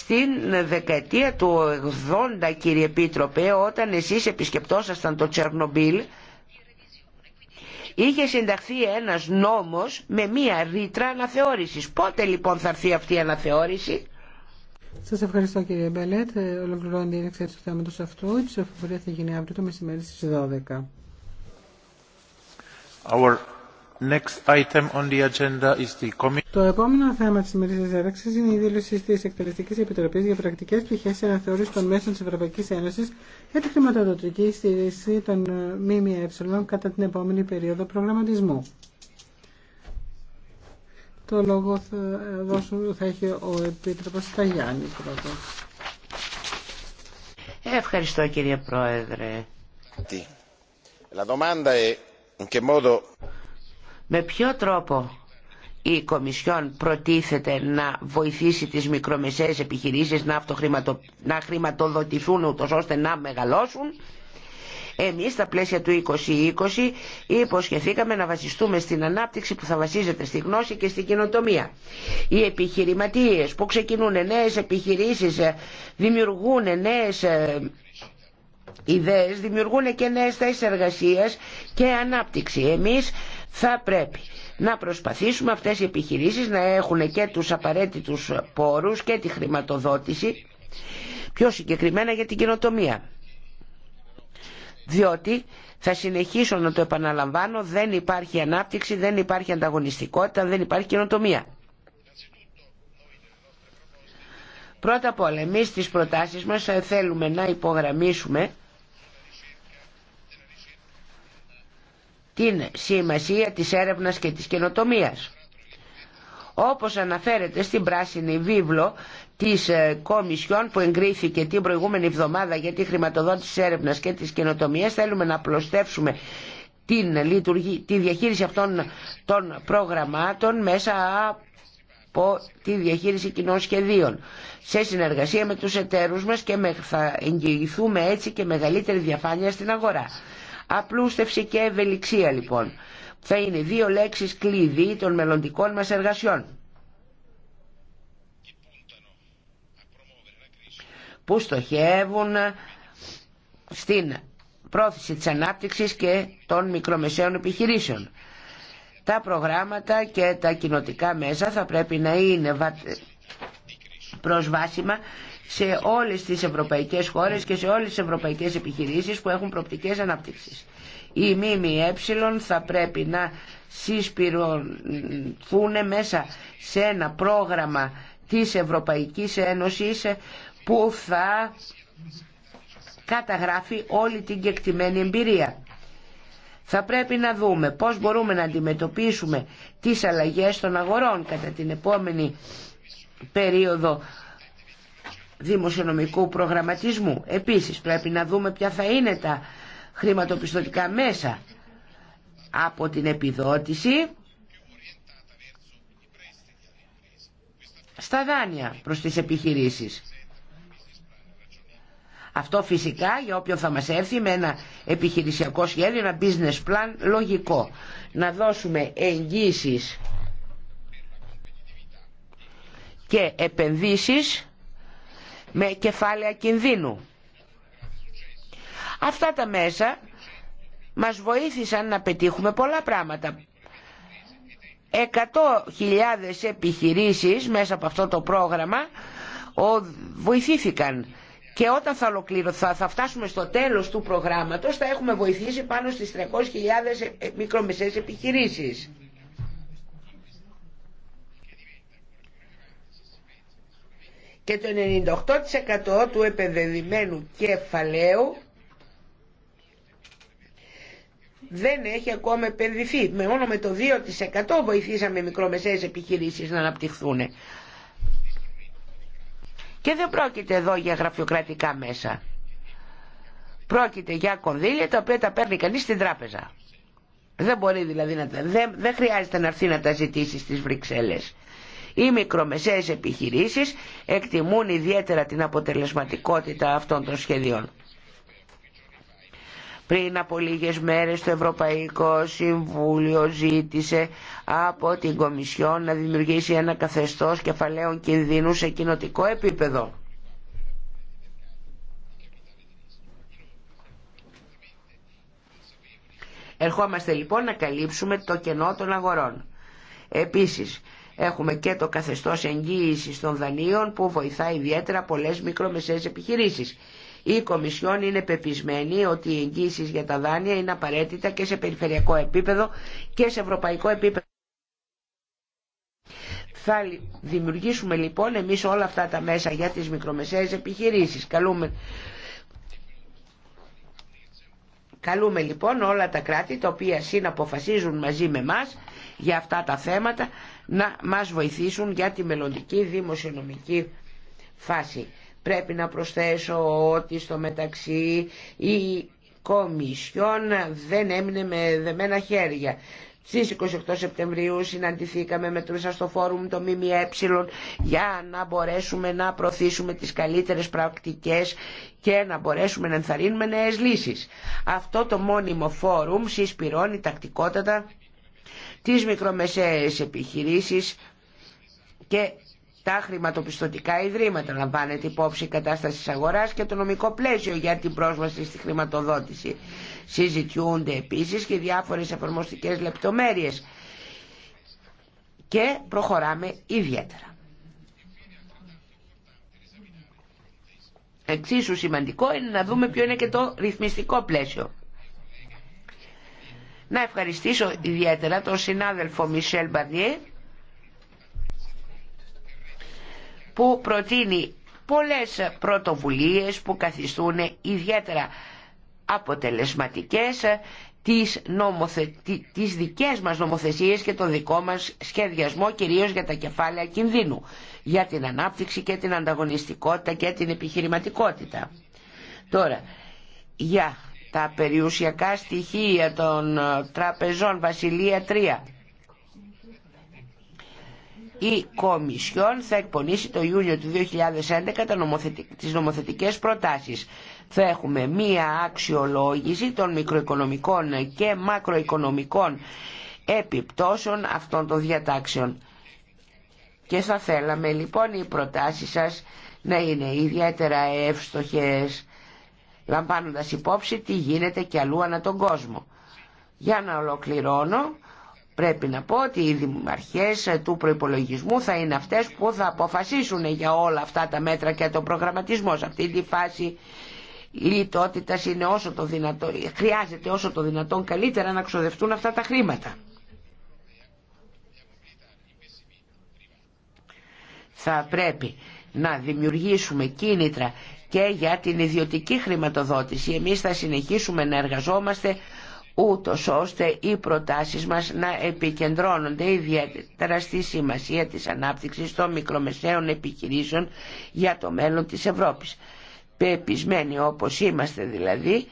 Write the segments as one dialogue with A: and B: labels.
A: Στην δεκαετία του 80 κύριε Επίτροπε όταν εσείς επισκεπτόσασταν το Τσερνομπίλ είχε συνταχθεί ένας νόμος με μία ρήτρα αναθεώρησης. Πότε λοιπόν θα έρθει αυτή η αναθεώρηση?
B: Σας ευχαριστώ κύριε Μπελέτ. Ε, ολοκληρώνει την εξέλιξη του θέματος αυτού. Η ψηφοφορία θα γίνει αύριο το μεσημέρι στις 12. Το επόμενο θέμα της τη έρεξη είναι η δήλωση της Εκτελεστικής Επιτροπής για πρακτικές πτυχές αναθεώρηση των μέσων της Ευρωπαϊκής Ένωσης για τη χρηματοδοτική στήριξη των ΜΜΕ κατά την επόμενη περίοδο προγραμματισμού. Το λόγο θα, θα έχει ο Επίτροπος
A: Ταγιάννη πρώτος. Ευχαριστώ κύριε Πρόεδρε. Με ποιο τρόπο η Κομισιόν προτίθεται να βοηθήσει τις μικρομεσαίες επιχειρήσεις να, αυτοχρηματο... να χρηματοδοτηθούν ούτως ώστε να μεγαλώσουν. Εμείς στα πλαίσια του 2020 υποσχεθήκαμε να βασιστούμε στην ανάπτυξη που θα βασίζεται στη γνώση και στην κοινοτομία. Οι επιχειρηματίες που ξεκινούν νέες επιχειρήσεις, ε, δημιουργούν νέες ε, ιδέες, δημιουργούν και νέες θέσεις εργασίας και ανάπτυξη. Εμείς θα πρέπει να προσπαθήσουμε αυτές οι επιχειρήσεις να έχουν και τους απαραίτητους πόρους και τη χρηματοδότηση πιο συγκεκριμένα για την κοινοτομία. Διότι θα συνεχίσω να το επαναλαμβάνω, δεν υπάρχει ανάπτυξη, δεν υπάρχει ανταγωνιστικότητα, δεν υπάρχει κοινοτομία. Πρώτα απ' όλα, εμείς τις προτάσεις μας ε, θέλουμε να υπογραμμίσουμε την σημασία της έρευνας και της καινοτομίας. Όπως αναφέρεται στην πράσινη βίβλο της ε, Κομισιόν που εγκρίθηκε την προηγούμενη εβδομάδα για τη χρηματοδότηση της έρευνας και της καινοτομίας, θέλουμε να απλωστεύσουμε την λειτουργή, τη διαχείριση αυτών των προγραμμάτων μέσα από τη διαχείριση κοινών σχεδίων σε συνεργασία με τους εταίρους μας και θα εγγυηθούμε έτσι και μεγαλύτερη διαφάνεια στην αγορά. Απλούστευση και ευελιξία λοιπόν. Θα είναι δύο λέξεις κλειδί των μελλοντικών μας εργασιών. Που στοχεύουν στην πρόθεση της ανάπτυξης και των μικρομεσαίων επιχειρήσεων. Τα προγράμματα και τα κοινοτικά μέσα θα πρέπει να είναι προσβάσιμα σε όλες τις ευρωπαϊκές χώρες και σε όλες τις ευρωπαϊκές επιχειρήσεις που έχουν προπτικές ανάπτυξης. Οι ΜΜΕ θα πρέπει να συσπηρωθούν μέσα σε ένα πρόγραμμα της Ευρωπαϊκής Ένωσης που θα καταγράφει όλη την κεκτημένη εμπειρία. Θα πρέπει να δούμε πώς μπορούμε να αντιμετωπίσουμε τις αλλαγές των αγορών κατά την επόμενη περίοδο δημοσιονομικού προγραμματισμού. Επίσης πρέπει να δούμε ποια θα είναι τα χρηματοπιστωτικά μέσα από την επιδότηση στα δάνεια προς τις επιχειρήσεις. Αυτό φυσικά για όποιον θα μας έρθει με ένα επιχειρησιακό σχέδιο, ένα business plan λογικό. Να δώσουμε εγγύσεις και επενδύσεις με κεφάλαια κινδύνου. Αυτά τα μέσα μας βοήθησαν να πετύχουμε πολλά πράγματα. 100.000 επιχειρήσεις μέσα από αυτό το πρόγραμμα βοηθήθηκαν και όταν θα θα φτάσουμε στο τέλος του προγράμματος, θα έχουμε βοηθήσει πάνω στις 300.000 μικρομεσαίες επιχειρήσεις. και το 98% του επενδεδημένου κεφαλαίου δεν έχει ακόμα επενδυθεί. Με μόνο με το 2% βοηθήσαμε μικρομεσαίες επιχειρήσεις να αναπτυχθούν. Και δεν πρόκειται εδώ για γραφειοκρατικά μέσα. Πρόκειται για κονδύλια τα οποία τα παίρνει κανείς στην τράπεζα. Δεν μπορεί δηλαδή να Δεν, δεν χρειάζεται να έρθει να τα ζητήσει στις Βρυξέλλες. Οι μικρομεσαίες επιχειρήσεις εκτιμούν ιδιαίτερα την αποτελεσματικότητα αυτών των σχεδίων. Πριν από λίγες μέρες το Ευρωπαϊκό Συμβούλιο ζήτησε από την Κομισιόν να δημιουργήσει ένα καθεστώς κεφαλαίων κινδύνου σε κοινοτικό επίπεδο. Ερχόμαστε λοιπόν να καλύψουμε το κενό των αγορών. Επίσης, Έχουμε και το καθεστώς εγγύησης των δανείων που βοηθά ιδιαίτερα πολλές μικρομεσαίες επιχειρήσεις. Η Κομισιόν είναι πεπισμένη ότι οι εγγύησει για τα δάνεια είναι απαραίτητα και σε περιφερειακό επίπεδο και σε ευρωπαϊκό επίπεδο. Θα δημιουργήσουμε λοιπόν εμείς όλα αυτά τα μέσα για τις μικρομεσαίες επιχειρήσεις. Καλούμε... Καλούμε λοιπόν όλα τα κράτη τα οποία συναποφασίζουν μαζί με μας για αυτά τα θέματα να μας βοηθήσουν για τη μελλοντική δημοσιονομική φάση. Πρέπει να προσθέσω ότι στο μεταξύ η Κομισιόν δεν έμεινε με δεμένα χέρια. Στις 28 Σεπτεμβρίου συναντηθήκαμε με το στο φόρουμ το ΜΜΕ για να μπορέσουμε να προωθήσουμε τις καλύτερες πρακτικές και να μπορέσουμε να ενθαρρύνουμε νέες λύσεις. Αυτό το μόνιμο φόρουμ συσπηρώνει τακτικότατα τις μικρομεσαίες επιχειρήσεις και τα χρηματοπιστωτικά ιδρύματα. Λαμβάνεται υπόψη η κατάσταση της αγοράς και το νομικό πλαίσιο για την πρόσβαση στη χρηματοδότηση. Συζητιούνται επίσης και διάφορες εφαρμοστικές λεπτομέρειες και προχωράμε ιδιαίτερα. Εξίσου σημαντικό είναι να δούμε ποιο είναι και το ρυθμιστικό πλαίσιο. Να ευχαριστήσω ιδιαίτερα τον συνάδελφο Μισελ Μπαρνιέ που προτείνει πολλές πρωτοβουλίες που καθιστούν ιδιαίτερα αποτελεσματικές τις, νομοθε... τις δικές μας νομοθεσίες και το δικό μας σχεδιασμό κυρίως για τα κεφάλαια κινδύνου, για την ανάπτυξη και την ανταγωνιστικότητα και την επιχειρηματικότητα. Τώρα, για τα περιουσιακά στοιχεία των ε, τραπεζών Βασιλεία 3. Η Κομισιόν θα εκπονήσει το Ιούλιο του 2011 τις νομοθετικές προτάσεις. Θα έχουμε μία αξιολόγηση των μικροοικονομικών και μακροοικονομικών επιπτώσεων αυτών των διατάξεων. Και θα θέλαμε λοιπόν οι προτάσεις σας να είναι ιδιαίτερα εύστοχες λαμβάνοντας υπόψη τι γίνεται και αλλού ανά τον κόσμο. Για να ολοκληρώνω, πρέπει να πω ότι οι δημαρχές του προϋπολογισμού θα είναι αυτές που θα αποφασίσουν για όλα αυτά τα μέτρα και τον προγραμματισμό. Σε αυτή τη φάση η λιτότητα είναι όσο το δυνατό, χρειάζεται όσο το δυνατόν καλύτερα να ξοδευτούν αυτά τα χρήματα. Θα πρέπει να δημιουργήσουμε κίνητρα και για την ιδιωτική χρηματοδότηση. Εμείς θα συνεχίσουμε να εργαζόμαστε ούτω ώστε οι προτάσεις μας να επικεντρώνονται ιδιαίτερα στη σημασία της ανάπτυξης των μικρομεσαίων επιχειρήσεων για το μέλλον της Ευρώπης. Πεπισμένοι όπως είμαστε δηλαδή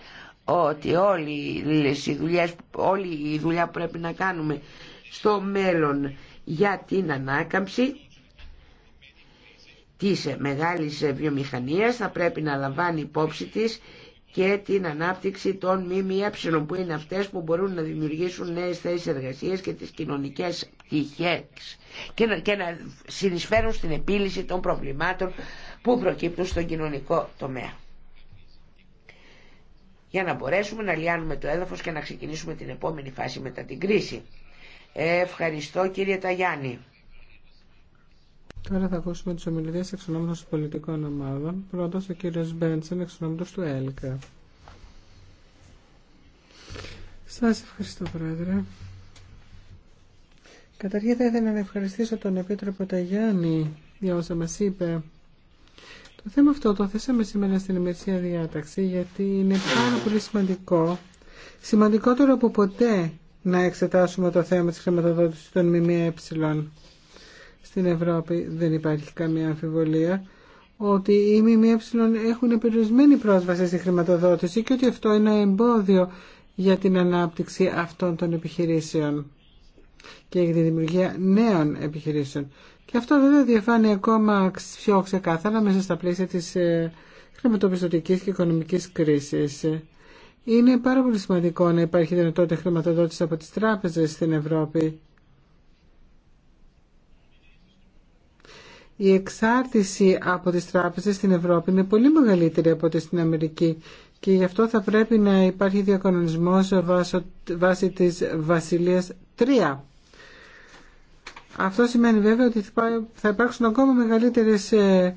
A: ότι όλη, οι όλη η δουλειά που πρέπει να κάνουμε στο μέλλον για την ανάκαμψη της μεγάλης βιομηχανίας θα πρέπει να λαμβάνει υπόψη της και την ανάπτυξη των ΜΜΕ που είναι αυτές που μπορούν να δημιουργήσουν νέες θέσεις εργασίας και τις κοινωνικές πτυχές και να, και συνεισφέρουν στην επίλυση των προβλημάτων που προκύπτουν στον κοινωνικό τομέα. Για να μπορέσουμε να λιάνουμε το έδαφος και να ξεκινήσουμε την επόμενη φάση μετά την κρίση. Ευχαριστώ κύριε Ταγιάννη.
B: Τώρα θα ακούσουμε τους ομιλητές εξ ονόματος των πολιτικών ομάδων. Πρώτος ο κύριος Μπέντσεν εξ ονόματος του ΕΛΚΑ. Σας ευχαριστώ Πρόεδρε. Καταρχήν θα ήθελα να ευχαριστήσω τον Επίτροπο Ταγιάννη για όσα μας είπε. Το θέμα αυτό το θέσαμε σήμερα στην ημερησία διάταξη γιατί είναι πάρα πολύ σημαντικό. Σημαντικότερο από ποτέ να εξετάσουμε το θέμα της χρηματοδότησης των ΜΜΕ στην Ευρώπη δεν υπάρχει καμία αμφιβολία ότι οι ΜΜΕ έχουν περιορισμένη πρόσβαση στη χρηματοδότηση και ότι αυτό είναι εμπόδιο για την ανάπτυξη αυτών των επιχειρήσεων και για τη δημιουργία νέων επιχειρήσεων. Και αυτό βέβαια διαφάνει ακόμα πιο ξεκάθαρα μέσα στα πλαίσια της ε, χρηματοπιστωτικής και οικονομικής κρίσης. Είναι πάρα πολύ σημαντικό να υπάρχει δυνατότητα χρηματοδότηση από τις τράπεζες στην Ευρώπη η εξάρτηση από τις τράπεζες στην Ευρώπη είναι πολύ μεγαλύτερη από ό,τι στην Αμερική και γι' αυτό θα πρέπει να υπάρχει διακανονισμός βάσει της Βασιλείας 3. Αυτό σημαίνει βέβαια ότι θα υπάρξουν ακόμα μεγαλύτερες ε,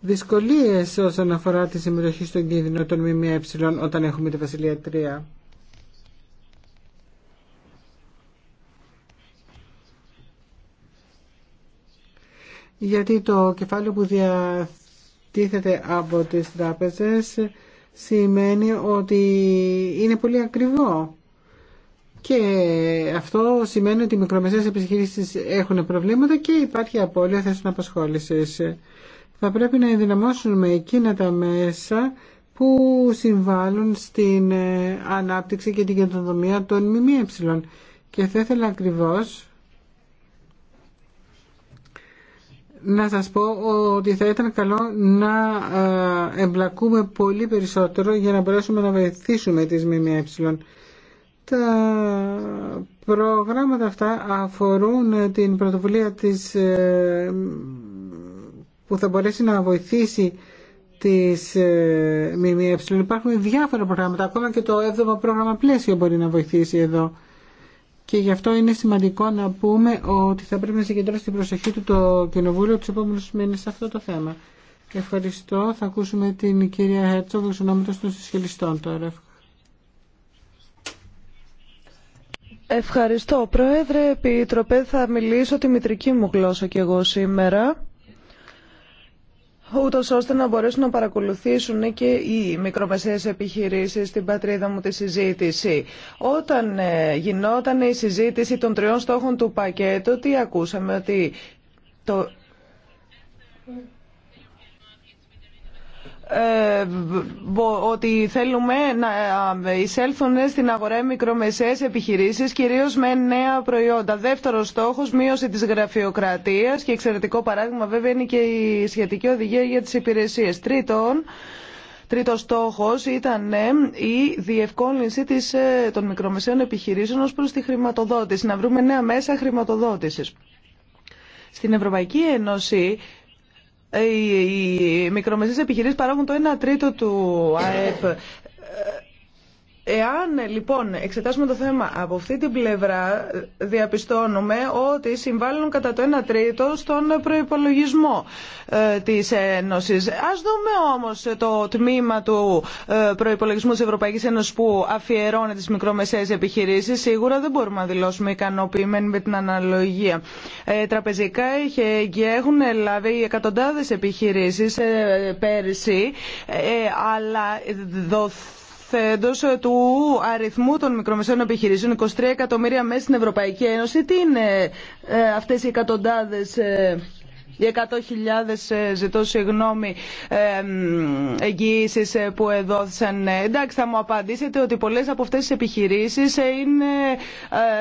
B: δυσκολίες όσον αφορά τη συμμετοχή στον κίνδυνο των ΜΜΕ όταν έχουμε τη Βασιλεία 3. γιατί το κεφάλαιο που διατίθεται από τις τράπεζες σημαίνει ότι είναι πολύ ακριβό. Και αυτό σημαίνει ότι οι μικρομεσαίες επιχειρήσεις έχουν προβλήματα και υπάρχει απώλεια θέσεων απασχόλησης. Θα πρέπει να ενδυναμώσουμε εκείνα τα μέσα που συμβάλλουν στην ε, ανάπτυξη και την καινοτομία των ΜΜΕ. Και θα ήθελα ακριβώς να σας πω ότι θα ήταν καλό να ε, εμπλακούμε πολύ περισσότερο για να μπορέσουμε να βοηθήσουμε τις ΜΜΕ. Τα προγράμματα αυτά αφορούν την πρωτοβουλία της, ε, που θα μπορέσει να βοηθήσει τις ε, ΜΜΕ. Υπάρχουν διάφορα προγράμματα, ακόμα και το 7ο πρόγραμμα πλαίσιο μπορεί να βοηθήσει εδώ και γι' αυτό είναι σημαντικό να πούμε ότι θα πρέπει να συγκεντρώσει την προσοχή του το Κοινοβούλιο του επόμενου μήνε σε αυτό το θέμα. Ευχαριστώ. Θα ακούσουμε την κυρία Χέρτσοβ, εξονόμητο των συσχελιστών τώρα.
C: Ευχαριστώ. Πρόεδρε Επιτροπέ, θα μιλήσω τη μητρική μου γλώσσα κι εγώ σήμερα ούτω ώστε να μπορέσουν να παρακολουθήσουν και οι μικρομεσαίες επιχειρήσει στην πατρίδα μου τη συζήτηση. Όταν ε, γινόταν η συζήτηση των τριών στόχων του πακέτου, τι ακούσαμε, ότι το ε, ότι θέλουμε να ε, εισέλθουν στην αγορά μικρομεσαίες επιχειρήσεις κυρίως με νέα προϊόντα. Δεύτερος στόχος, μείωση της γραφειοκρατίας και εξαιρετικό παράδειγμα βέβαια είναι και η σχετική οδηγία για τις υπηρεσίες. Τρίτον, Τρίτος στόχος ήταν ε, η διευκόλυνση της, των μικρομεσαίων επιχειρήσεων ως προς τη χρηματοδότηση, να βρούμε νέα μέσα χρηματοδότησης. Στην Ευρωπαϊκή Ένωση ε, οι μικρομεσαίες επιχειρήσεις παράγουν το 1 τρίτο του ΑΕΠ. Ε, Εάν λοιπόν εξετάσουμε το θέμα από αυτή την πλευρά, διαπιστώνουμε ότι συμβάλλουν κατά το 1 τρίτο στον προπολογισμό ε, τη Ένωση. Α δούμε όμω το τμήμα του ε, προπολογισμού τη Ευρωπαϊκή Ένωση που αφιερώνει τι μικρομεσαίε επιχειρήσει. Σίγουρα δεν μπορούμε να δηλώσουμε ικανοποιημένοι με την αναλογία. Ε, τραπεζικά είχε και έχουν λάβει εκατοντάδε επιχειρήσει ε, πέρυσι, ε, αλλά δοθεί εκατοστέντος ε, του αριθμού των μικρομεσαίων επιχειρήσεων, 23 εκατομμύρια μέσα στην Ευρωπαϊκή Ένωση. Τι είναι ε, αυτές οι εκατοντάδες ε, οι 100.000 ζητώ συγγνώμη εγγυήσεις που εδόθησαν. Εντάξει, θα μου απαντήσετε ότι πολλές από αυτές τις επιχειρήσεις είναι,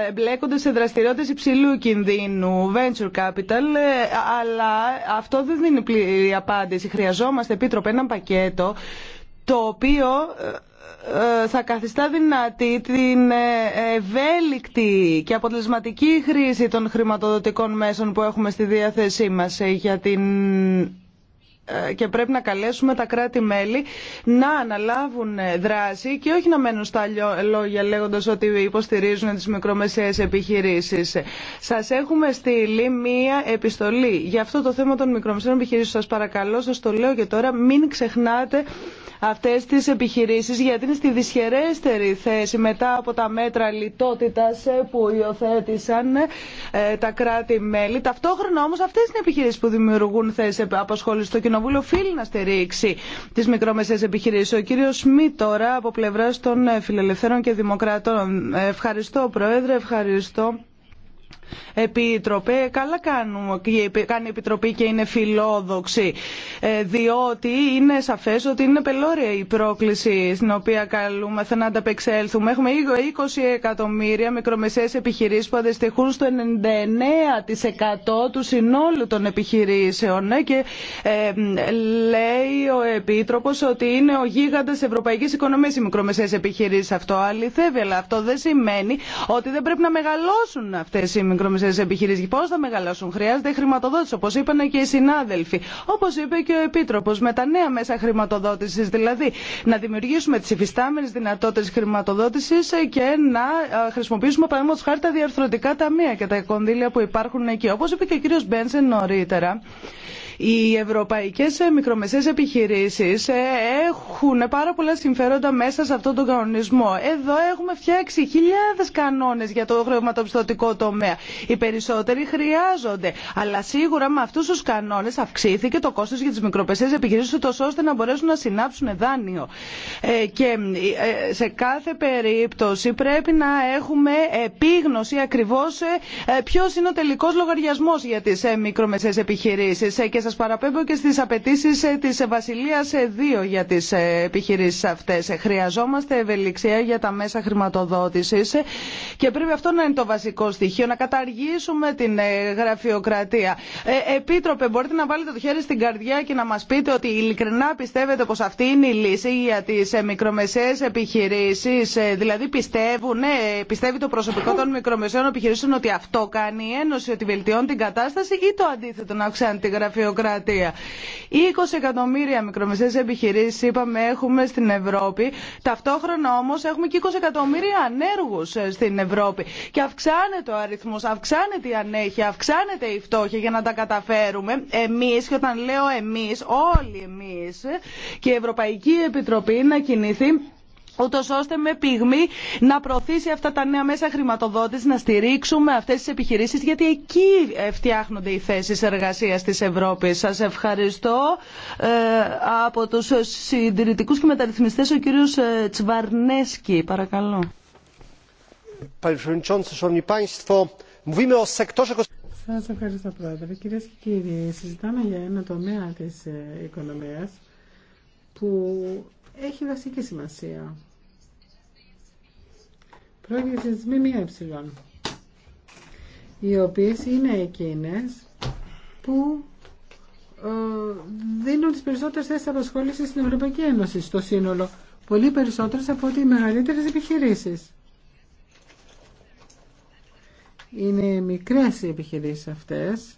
C: εμπλέκονται σε δραστηριότητες υψηλού κινδύνου, venture capital, αλλά αυτό δεν είναι πλήρη απάντηση. Χρειαζόμαστε, Επίτροπε, ένα πακέτο το οποίο ε, θα καθιστά δυνατή την ε, ευέλικτη και αποτελεσματική χρήση των χρηματοδοτικών μέσων που έχουμε στη διάθεσή μας ε, για την και πρέπει να καλέσουμε τα κράτη-μέλη να αναλάβουν δράση και όχι να μένουν στα λόγια λέγοντας ότι υποστηρίζουν τις μικρομεσαίες επιχειρήσεις. Σας έχουμε στείλει μία επιστολή για αυτό το θέμα των μικρομεσαίων επιχειρήσεων. Σας παρακαλώ, σας το λέω και τώρα, μην ξεχνάτε Αυτέ τις επιχειρήσεις γιατί είναι στη δυσχερέστερη θέση μετά από τα μέτρα λιτότητα που υιοθέτησαν ε, τα κράτη-μέλη. Ταυτόχρονα όμω, αυτές είναι επιχειρήσεις που δημιουργούν θέσεις απασχόληση. Το Κοινοβούλιο οφείλει να στηρίξει τις μικρομεσαίες επιχειρήσεις. Ο κύριος Σμί τώρα από πλευρά των ε, Φιλελευθέρων και Δημοκρατών. Ε, ευχαριστώ Πρόεδρε, ευχαριστώ Επίτροπε, καλά κάνουν, κάνει η Επιτροπή και είναι φιλόδοξη, ε, διότι είναι σαφές ότι είναι πελώρια η πρόκληση στην οποία καλούμαστε να ανταπεξέλθουμε. Έχουμε 20 εκατομμύρια μικρομεσαίες επιχειρήσεις που αντιστοιχούν στο 99% του συνόλου των επιχειρήσεων ε, και ε, λέει ο Επίτροπος ότι είναι ο γίγαντας ευρωπαϊκής οικονομίας οι μικρομεσαίες επιχειρήσεις αυτό αληθεύει, αλλά αυτό δεν σημαίνει ότι δεν πρέπει να μεγαλώσουν αυτές οι μικρομεσαίε επιχειρήσεις. Πώς θα μεγαλώσουν, χρειάζεται χρηματοδότηση, όπως είπαν και οι συνάδελφοι. Όπως είπε και ο Επίτροπος, με τα νέα μέσα χρηματοδότησης, δηλαδή να δημιουργήσουμε τι υφιστάμενε δυνατότητες χρηματοδότησης και να ε, χρησιμοποιήσουμε παραδείγματο χάρη τα διαρθρωτικά ταμεία και τα κονδύλια που υπάρχουν εκεί. Όπω είπε και ο κύριος Μπένσεν νωρίτερα, οι ευρωπαϊκές μικρομεσαίες επιχειρήσεις ε, έχουν πάρα πολλά συμφέροντα μέσα σε αυτόν τον κανονισμό. Εδώ έχουμε φτιάξει χιλιάδες κανόνες για το χρηματοπιστωτικό τομέα. Οι περισσότεροι χρειάζονται. Αλλά σίγουρα με αυτούς τους κανόνες αυξήθηκε το κόστος για τις μικρομεσαίες επιχειρήσεις ώστε να μπορέσουν να συνάψουν δάνειο. Ε, και ε, σε κάθε περίπτωση πρέπει να έχουμε επίγνωση ακριβώς ποιος είναι ο τελικός λογαριασμός για τις μικρομεσαίες επιχειρήσεις. Σα παραπέμπω και στι απαιτήσει ε, τη ε, Βασιλεία 2 ε, για τι επιχειρήσει αυτέ. Χρειαζόμαστε ευελιξία για τα μέσα χρηματοδότηση και πρέπει αυτό να είναι το βασικό στοιχείο, να καταργήσουμε την γραφειοκρατία. Επίτροπε, μπορείτε να βάλετε το χέρι στην καρδιά και να μα πείτε ότι ειλικρινά πιστεύετε πω αυτή είναι η λύση για τι μικρομεσαίες επιχειρήσει, Δηλαδή πιστεύουν, πιστεύει το προσωπικό των μικρομεσαίων επιχειρήσεων ότι αυτό κάνει η Ένωση, ότι βελτιώνει την κατάσταση ή το αντίθετο να αυξάνει τη γραφειοκρατία. 20 εκατομμύρια μικρομεσαίες επιχειρήσεις είπαμε έχουμε στην Ευρώπη. Ταυτόχρονα όμως έχουμε και 20 εκατομμύρια ανέργους ε, στην Ευρώπη. Και αυξάνεται ο αριθμός, αυξάνεται η ανέχεια, αυξάνεται η φτώχεια για να τα καταφέρουμε. Εμείς, και όταν λέω εμείς, όλοι εμείς και η Ευρωπαϊκή Επιτροπή να κινηθεί ούτω ώστε με πυγμή να προωθήσει αυτά τα νέα μέσα χρηματοδότηση, να στηρίξουμε αυτέ τι επιχειρήσει, γιατί εκεί φτιάχνονται οι θέσει εργασία τη Ευρώπη. Σα ευχαριστώ. Ε, από του συντηρητικού και μεταρρυθμιστέ, ο κύριο ε, Τσβαρνέσκι, παρακαλώ.
B: Σα ευχαριστώ, Πρόεδρε. Κυρίε και κύριοι, συζητάμε για ένα τομέα τη ε, οικονομία που έχει βασική σημασία. Πρόκειται μια ΜΜΕ, οι οποίες είναι εκείνες που ε, δίνουν τις περισσότερες θέσεις απασχόλησης στην Ευρωπαϊκή Ένωση, στο σύνολο. Πολύ περισσότερες από ότι οι μεγαλύτερες επιχειρήσεις. Είναι μικρές οι επιχειρήσεις αυτές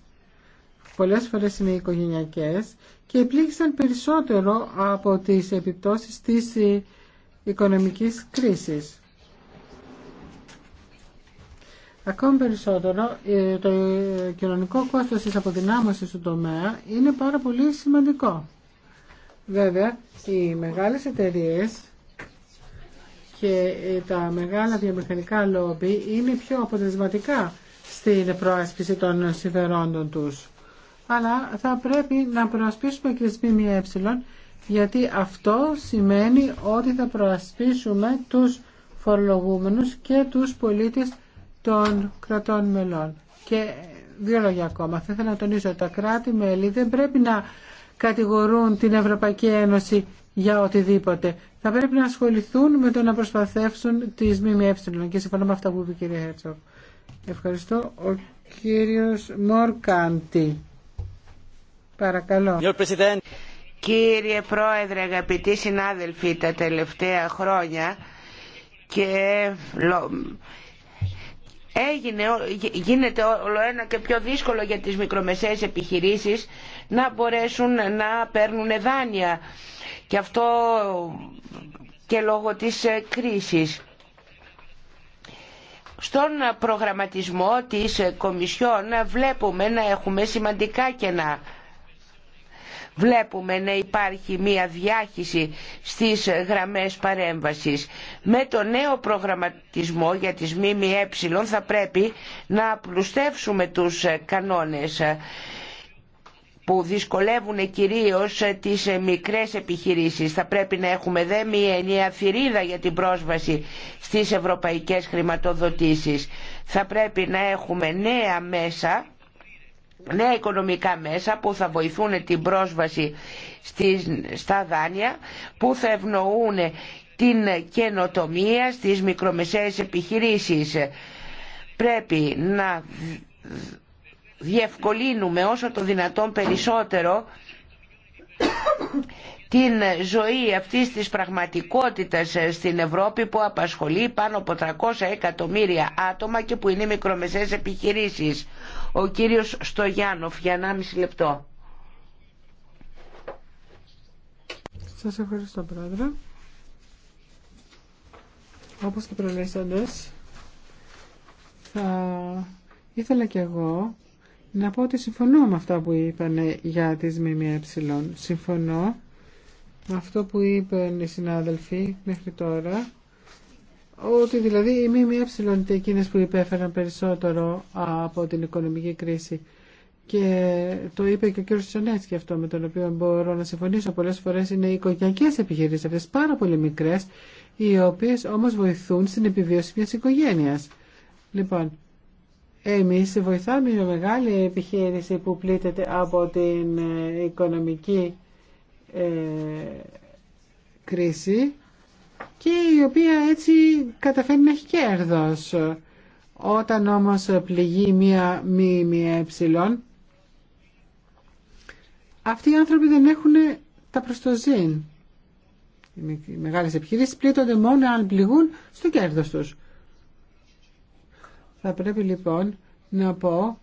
B: πολλές φορές είναι οικογενειακές και επλήγησαν περισσότερο από τις επιπτώσεις της ε, οικονομικής κρίσης. Ακόμη περισσότερο, ε, το ε, κοινωνικό κόστος της αποδυνάμωσης του τομέα είναι πάρα πολύ σημαντικό. Βέβαια, οι μεγάλες εταιρείες και τα μεγάλα βιομηχανικά λόμπι είναι πιο αποτελεσματικά στην προάσπιση των συμφερόντων τους αλλά θα πρέπει να προασπίσουμε και τις ΜΜΕ γιατί αυτό σημαίνει ότι θα προασπίσουμε τους φορολογούμενους και τους πολίτες των κρατών μελών. Και δύο λόγια ακόμα. Θα ήθελα να τονίσω ότι τα κράτη-μέλη δεν πρέπει να κατηγορούν την Ευρωπαϊκή Ένωση για οτιδήποτε. Θα πρέπει να ασχοληθούν με το να προσπαθεύσουν τις ΜΜΕ και συμφωνώ με αυτά που είπε η κυρία Ευχαριστώ. Ο κύριος Μορκάντη.
A: Κύριε Πρόεδρε, αγαπητοί συνάδελφοι, τα τελευταία χρόνια και έγινε, γίνεται όλο ένα και πιο δύσκολο για τις μικρομεσαίες επιχειρήσεις να μπορέσουν να παίρνουν δάνεια και αυτό και λόγω της ε, κρίσης. Στον προγραμματισμό της ε, Κομισιόν βλέπουμε να έχουμε σημαντικά κενά βλέπουμε να υπάρχει μια διάχυση στις γραμμές παρέμβασης. Με το νέο προγραμματισμό για τις ΜΜΕ θα πρέπει να απλουστεύσουμε τους κανόνες που δυσκολεύουν κυρίως τις μικρές επιχειρήσεις. Θα πρέπει να έχουμε δε μια ενιαία θηρίδα για την πρόσβαση στις ευρωπαϊκές χρηματοδοτήσεις. Θα πρέπει να έχουμε νέα μέσα νέα οικονομικά μέσα που θα βοηθούν την πρόσβαση στις, στα δάνεια, που θα ευνοούν την καινοτομία στις μικρομεσαίες επιχειρήσεις. Πρέπει να διευκολύνουμε όσο το δυνατόν περισσότερο την ζωή αυτή της πραγματικότητας ε, στην Ευρώπη που απασχολεί πάνω από 300 εκατομμύρια άτομα και που είναι μικρομεσαίες επιχειρήσεις. Ο κύριος Στογιάνοφ για 1,5 λεπτό.
B: Σας ευχαριστώ πρόεδρε. Όπως και προλέσσαντες, θα ήθελα κι εγώ να πω ότι συμφωνώ με αυτά που είπανε για τις ΜΜΕ. Συμφωνώ αυτό που είπαν οι συνάδελφοι μέχρι τώρα, ότι δηλαδή οι ΜΜΕ είναι εκείνες που υπέφεραν περισσότερο από την οικονομική κρίση. Και το είπε και ο κ. Σονέτσκι αυτό με τον οποίο μπορώ να συμφωνήσω πολλές φορές είναι οι οικογενειακές επιχειρήσεις αυτές πάρα πολύ μικρές οι οποίες όμως βοηθούν στην επιβίωση μιας οικογένειας. Λοιπόν, εμείς βοηθάμε μια μεγάλη επιχείρηση που πλήττεται από την ε, οικονομική ε, κρίση και η οποία έτσι καταφέρνει να έχει κέρδος. Όταν όμως πληγεί μία μία έψιλον, ε, αυτοί οι άνθρωποι δεν έχουν τα προστοζήν. Οι μεγάλες επιχειρήσεις πλήττονται μόνο αν πληγούν στο κέρδος τους. Θα πρέπει λοιπόν να πω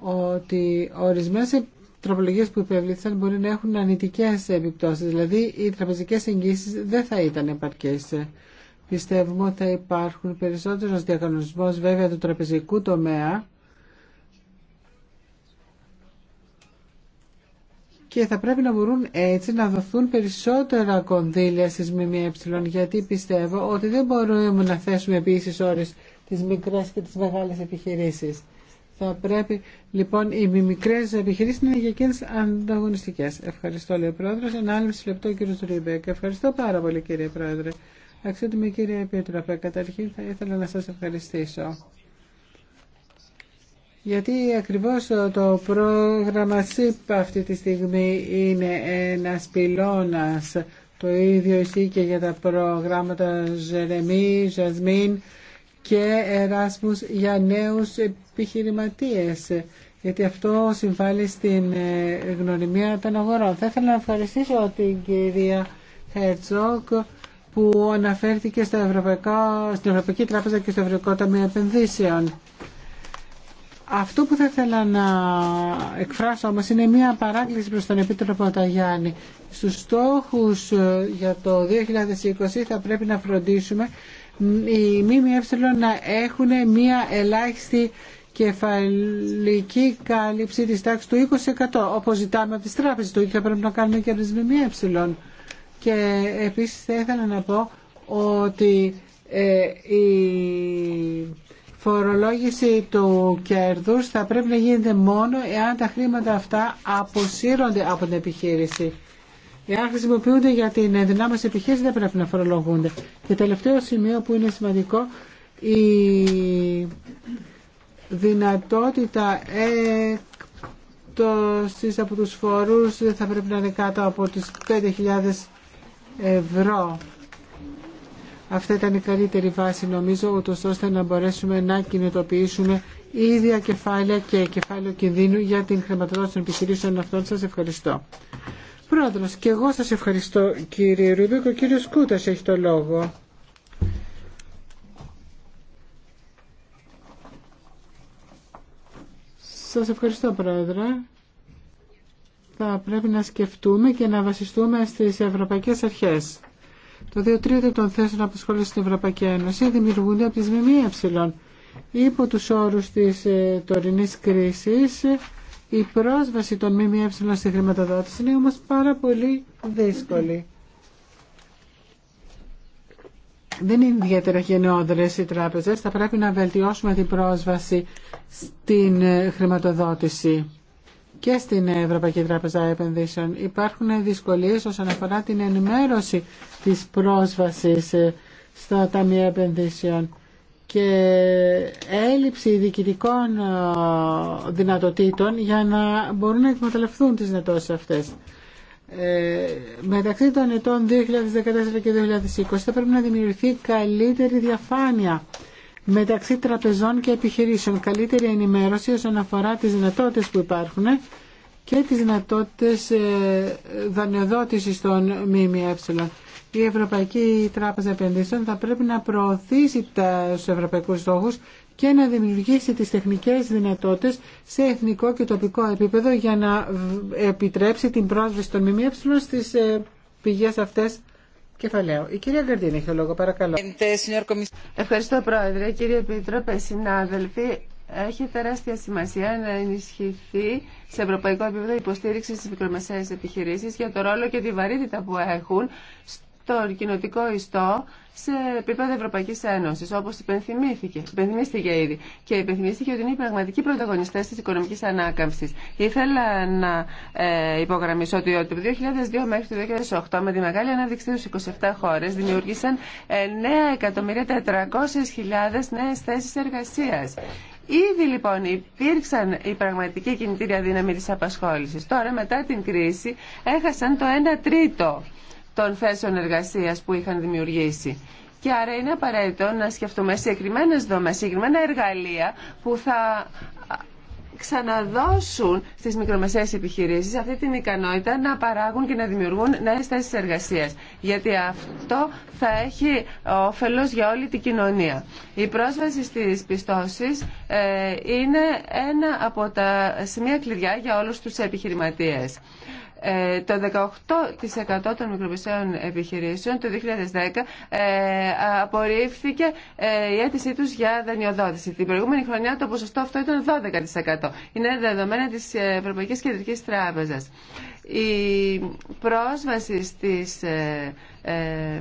B: ότι ορισμένες τροπολογίες που υπευλήθησαν μπορεί να έχουν ανητικέ επιπτώσεις. Δηλαδή οι τραπεζικές εγγύσεις δεν θα ήταν επαρκές. Πιστεύουμε ότι θα υπάρχουν περισσότερος διακανονισμός βέβαια του τραπεζικού τομέα και θα πρέπει να μπορούν έτσι να δοθούν περισσότερα κονδύλια στις ΜΜΕ γιατί πιστεύω ότι δεν μπορούμε να θέσουμε επίσης όρες τις μικρές και τις μεγάλες επιχειρήσεις. Θα πρέπει λοιπόν οι μικρέ επιχειρήσει να είναι για εκείνε ανταγωνιστικέ. Ευχαριστώ, λέει ο Πρόεδρο. Ένα άλλο λεπτό, κύριο Ρίμπεκ. Ευχαριστώ πάρα πολύ, κύριε Πρόεδρε. Αξιότιμη κύριε Επίτροπε, καταρχήν θα ήθελα να σα ευχαριστήσω. Γιατί ακριβώς το πρόγραμμα ΣΥΠ αυτή τη στιγμή είναι ένας πυλώνας. Το ίδιο ισχύει και για τα προγράμματα Ζερεμί, Ζασμίν, και εράσμους για νέους επιχειρηματίες γιατί αυτό συμβάλλει στην ε, γνωριμία των αγορών. Θα ήθελα να ευχαριστήσω την κυρία Χερτσόκ που αναφέρθηκε στο στην Ευρωπαϊκή Τράπεζα και στο Ευρωπαϊκό Ταμείο Επενδύσεων. Αυτό που θα ήθελα να εκφράσω όμως είναι μια παράκληση προς τον Επίτροπο Ταγιάννη. Στους στόχους ε, για το 2020 θα πρέπει να φροντίσουμε οι ΜΜΕ να έχουν μια ελάχιστη κεφαλική κάλυψη της τάξης του 20% όπως ζητάμε από τις τράπεζες το ίδιο πρέπει να κάνουμε και από τις ΜΜΕ και επίσης θα ήθελα να πω ότι ε, η φορολόγηση του κέρδους θα πρέπει να γίνεται μόνο εάν τα χρήματα αυτά αποσύρονται από την επιχείρηση Εάν χρησιμοποιούνται για την ενδυνάμωση επιχείρηση δεν πρέπει να φορολογούνται. Και τελευταίο σημείο που είναι σημαντικό, η δυνατότητα έκπτωσης από τους φορούς δεν θα πρέπει να είναι κάτω από τις 5.000 ευρώ. Αυτή ήταν η καλύτερη βάση νομίζω, ούτως ώστε να μπορέσουμε να κινητοποιήσουμε ίδια κεφάλαια και κεφάλαιο κινδύνου για την χρηματοδότηση των επιχειρήσεων αυτών. Σας ευχαριστώ. Πρόεδρος, και εγώ σας ευχαριστώ κύριε Ρουμπίκο. Ο κύριος Κούτας έχει το λόγο. Σας ευχαριστώ πρόεδρε. Θα πρέπει να σκεφτούμε και να βασιστούμε στις ευρωπαϊκές αρχές. Το 2 τρίτο των θέσεων σχόλες στην Ευρωπαϊκή Ένωση δημιουργούνται από τις ΜΜΕ. Υπό τους όρους της ε, τωρινής κρίσης η πρόσβαση των ΜΜΕ στη χρηματοδότηση είναι όμως πάρα πολύ δύσκολη. Δεν είναι ιδιαίτερα γενναιόδρες οι τράπεζες. Θα πρέπει να βελτιώσουμε την πρόσβαση στην ε, χρηματοδότηση και στην ε, Ευρωπαϊκή Τράπεζα Επενδύσεων. Υπάρχουν δυσκολίες όσον αφορά την ενημέρωση της πρόσβασης ε, στα Ταμεία Επενδύσεων και έλλειψη διοικητικών ε, δυνατοτήτων για να μπορούν να εκμεταλλευτούν τις δυνατότητες αυτές. Ε, μεταξύ των ετών 2014 και 2020 θα πρέπει να δημιουργηθεί καλύτερη διαφάνεια μεταξύ τραπεζών και επιχειρήσεων, καλύτερη ενημέρωση όσον αφορά τις δυνατότητες που υπάρχουν και τις δυνατότητες ε, δανειοδότησης των ΜΜΕ η Ευρωπαϊκή Τράπεζα Επενδύσεων θα πρέπει να προωθήσει τους ευρωπαϊκούς στόχους και να δημιουργήσει τις τεχνικές δυνατότητες σε εθνικό και τοπικό επίπεδο για να επιτρέψει την πρόσβαση των ΜΜΕ στις
D: ε, πηγές αυτές κεφαλαίου. Η κυρία Γκαρντίνη έχει το λόγο, παρακαλώ. Ευχαριστώ Πρόεδρε. Κύριε Επίτροπε, συνάδελφοι, έχει τεράστια σημασία να ενισχυθεί σε ευρωπαϊκό επίπεδο η υποστήριξη στι μικρομεσαίες επιχειρήσει για το ρόλο και τη βαρύτητα που έχουν τον κοινοτικό ιστό σε επίπεδο Ευρωπαϊκή Ένωση, όπω υπενθυμήθηκε. Υπενθυμίστηκε ήδη. Και υπενθυμίστηκε ότι είναι οι πραγματικοί πρωταγωνιστέ τη οικονομική ανάκαμψη. Ήθελα να ε, υπογραμμίσω ότι από το 2002 μέχρι το 2008, με τη μεγάλη ανάδειξη του 27 χώρε, δημιούργησαν 9.400.000 νέε θέσει εργασία. Ήδη λοιπόν υπήρξαν οι πραγματικοί κινητήρια δύναμη της απασχόλησης. Τώρα μετά την κρίση έχασαν το 1 τρίτο των θέσεων εργασία που είχαν δημιουργήσει. Και άρα είναι απαραίτητο να σκεφτούμε συγκεκριμένε δομέ, συγκεκριμένα εργαλεία που θα ξαναδώσουν στι μικρομεσαίες επιχειρήσει αυτή την ικανότητα να παράγουν και να δημιουργούν νέε θέσει εργασία. Γιατί αυτό θα έχει όφελο για όλη την κοινωνία. Η πρόσβαση στι πιστώσει ε, είναι ένα από τα σημεία κλειδιά για όλου του επιχειρηματίε. Ε, το 18% των μικρομεσαίων επιχειρήσεων το 2010 ε, απορρίφθηκε ε, η αίτησή τους για δανειοδότηση. Την προηγούμενη χρονιά το ποσοστό αυτό ήταν 12%. Είναι δεδομένα της Ευρωπαϊκής Κεντρικής Τράπεζας η πρόσβαση στις ε, ε,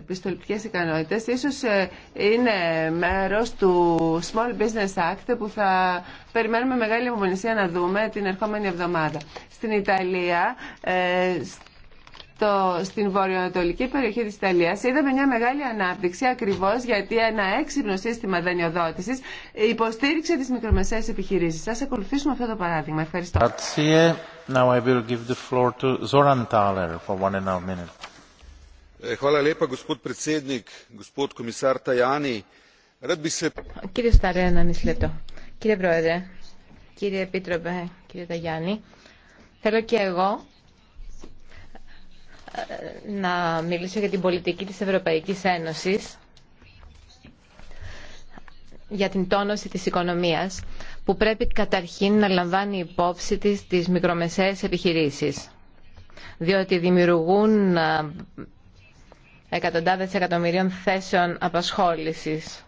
D: πιστοληπτικές ικανότητες ίσως ε, είναι μέρος του Small Business Act που θα περιμένουμε μεγάλη απομονησία να δούμε την ερχόμενη εβδομάδα. Στην Ιταλία, ε, στο, στην βορειοανατολική περιοχή της Ιταλίας είδαμε μια μεγάλη ανάπτυξη ακριβώς γιατί ένα έξυπνο σύστημα δανειοδότησης υποστήριξε τις μικρομεσαίες επιχειρήσεις. Σας ακολουθήσουμε αυτό το παράδειγμα. Ευχαριστώ.
B: Now I will give the floor to Zoran Thaler for one and a half minute.
D: E, hvala lijepa, gospod predsjednik, gospod komisar Tajani. Rad bi se...
E: Κύριε Σταρέ, ένα μισή λεπτό. Κύριε Πρόεδρε, κύριε Επίτροπε, κύριε Tajani? θέλω και εγώ να μιλήσω για την πολιτική της Ευρωπαϊκής Ένωσης για την τόνωση της οικονομίας που πρέπει καταρχήν να λαμβάνει υπόψη της τις μικρομεσαίες επιχειρήσεις διότι δημιουργούν ε, εκατοντάδες εκατομμυρίων θέσεων απασχόλησης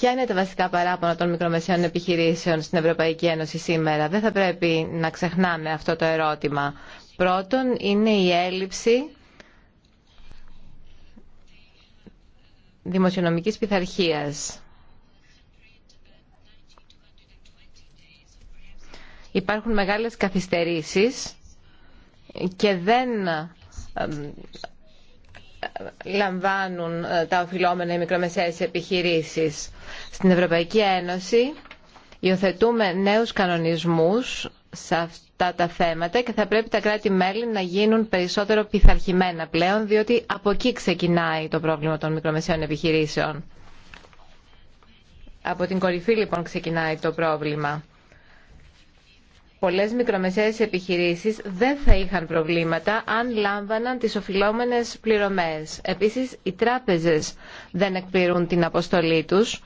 E: Ποια είναι τα βασικά παράπονα των μικρομεσαίων επιχειρήσεων στην Ευρωπαϊκή Ένωση σήμερα. Δεν θα πρέπει να ξεχνάμε αυτό το ερώτημα. Πρώτον, είναι η έλλειψη δημοσιονομικής πειθαρχίας. Υπάρχουν μεγάλες καθυστερήσεις και δεν λαμβάνουν ε, τα οφειλόμενα οι μικρομεσαίες επιχειρήσεις. Στην Ευρωπαϊκή Ένωση υιοθετούμε νέους κανονισμούς σε αυτά τα θέματα και θα πρέπει τα κράτη-μέλη να γίνουν περισσότερο πειθαρχημένα πλέον, διότι από εκεί ξεκινάει το πρόβλημα των μικρομεσαίων επιχειρήσεων. Από την κορυφή λοιπόν ξεκινάει το πρόβλημα πολλές μικρομεσαίες επιχειρήσεις δεν θα είχαν προβλήματα αν λάμβαναν τις οφειλόμενες πληρωμές. Επίσης, οι τράπεζες δεν εκπληρούν την αποστολή τους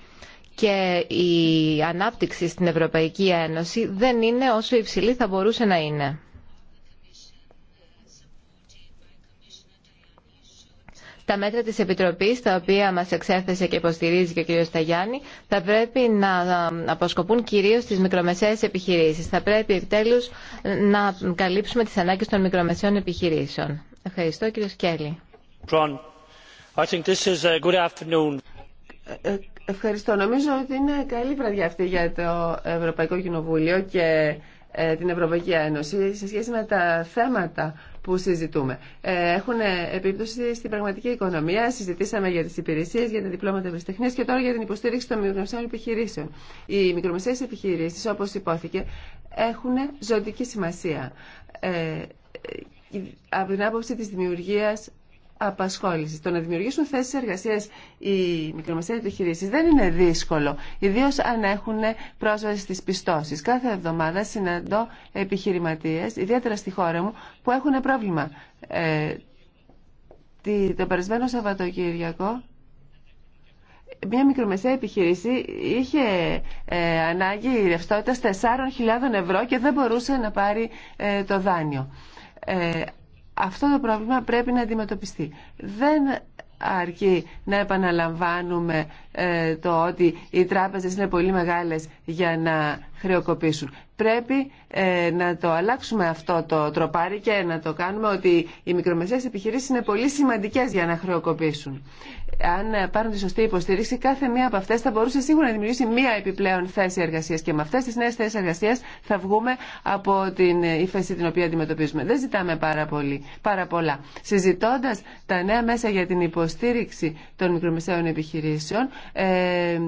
E: και η ανάπτυξη στην Ευρωπαϊκή Ένωση δεν είναι όσο υψηλή θα μπορούσε να είναι. τα μέτρα της Επιτροπής, τα οποία μας εξέθεσε και υποστηρίζει και ο κ. Σταγιάννη, θα πρέπει να αποσκοπούν κυρίως στις μικρομεσαίες επιχειρήσεις. Θα πρέπει επιτέλους να καλύψουμε τις ανάγκες των μικρομεσαίων επιχειρήσεων. Ευχαριστώ κ. Σκέλη. Ε, ε, ευχαριστώ. Νομίζω ότι είναι καλή βραδιά αυτή για το
D: Ευρωπαϊκό Κοινοβούλιο και ε, την Ευρωπαϊκή Ένωση σε σχέση με τα θέματα που συζητούμε. Ε, έχουν επίπτωση στην πραγματική οικονομία. Συζητήσαμε για τι υπηρεσίε, για τα διπλώματα ευρεσιτεχνία και τώρα για την υποστήριξη των μικρομεσαίων επιχειρήσεων. Οι μικρομεσαίε επιχειρήσει, όπω υπόθηκε, έχουν ζωτική σημασία. Ε, από την άποψη της δημιουργίας απασχόληση. Το να δημιουργήσουν θέσει εργασία οι μικρομεσαίε επιχειρήσει δεν είναι δύσκολο, ιδίω αν έχουν πρόσβαση στι πιστώσει. Κάθε εβδομάδα συναντώ επιχειρηματίε, ιδιαίτερα στη χώρα μου, που έχουν πρόβλημα. Ε, το περασμένο Σαββατοκύριακο μια μικρομεσαία επιχείρηση είχε ε, ανάγκη ρευστότητα 4.000 ευρώ και δεν μπορούσε να πάρει ε, το δάνειο. Ε, αυτό το πρόβλημα πρέπει να αντιμετωπιστεί. Δεν αρκεί να επαναλαμβάνουμε ε, το ότι οι τράπεζες είναι πολύ μεγάλες για να χρεοκοπήσουν πρέπει ε, να το αλλάξουμε αυτό το τροπάρι και να το κάνουμε ότι οι μικρομεσαίες επιχειρήσεις είναι πολύ σημαντικές για να χρεοκοπήσουν. Αν πάρουν τη σωστή υποστήριξη, κάθε μία από αυτές θα μπορούσε σίγουρα να δημιουργήσει μία επιπλέον θέση εργασίας και με αυτές τις νέες θέσεις εργασίας θα βγούμε από την ύφεση την οποία αντιμετωπίζουμε. Δεν ζητάμε πάρα, πολύ, πάρα πολλά. Συζητώντας τα νέα μέσα για την υποστήριξη των μικρομεσαίων επιχειρήσεων, ε,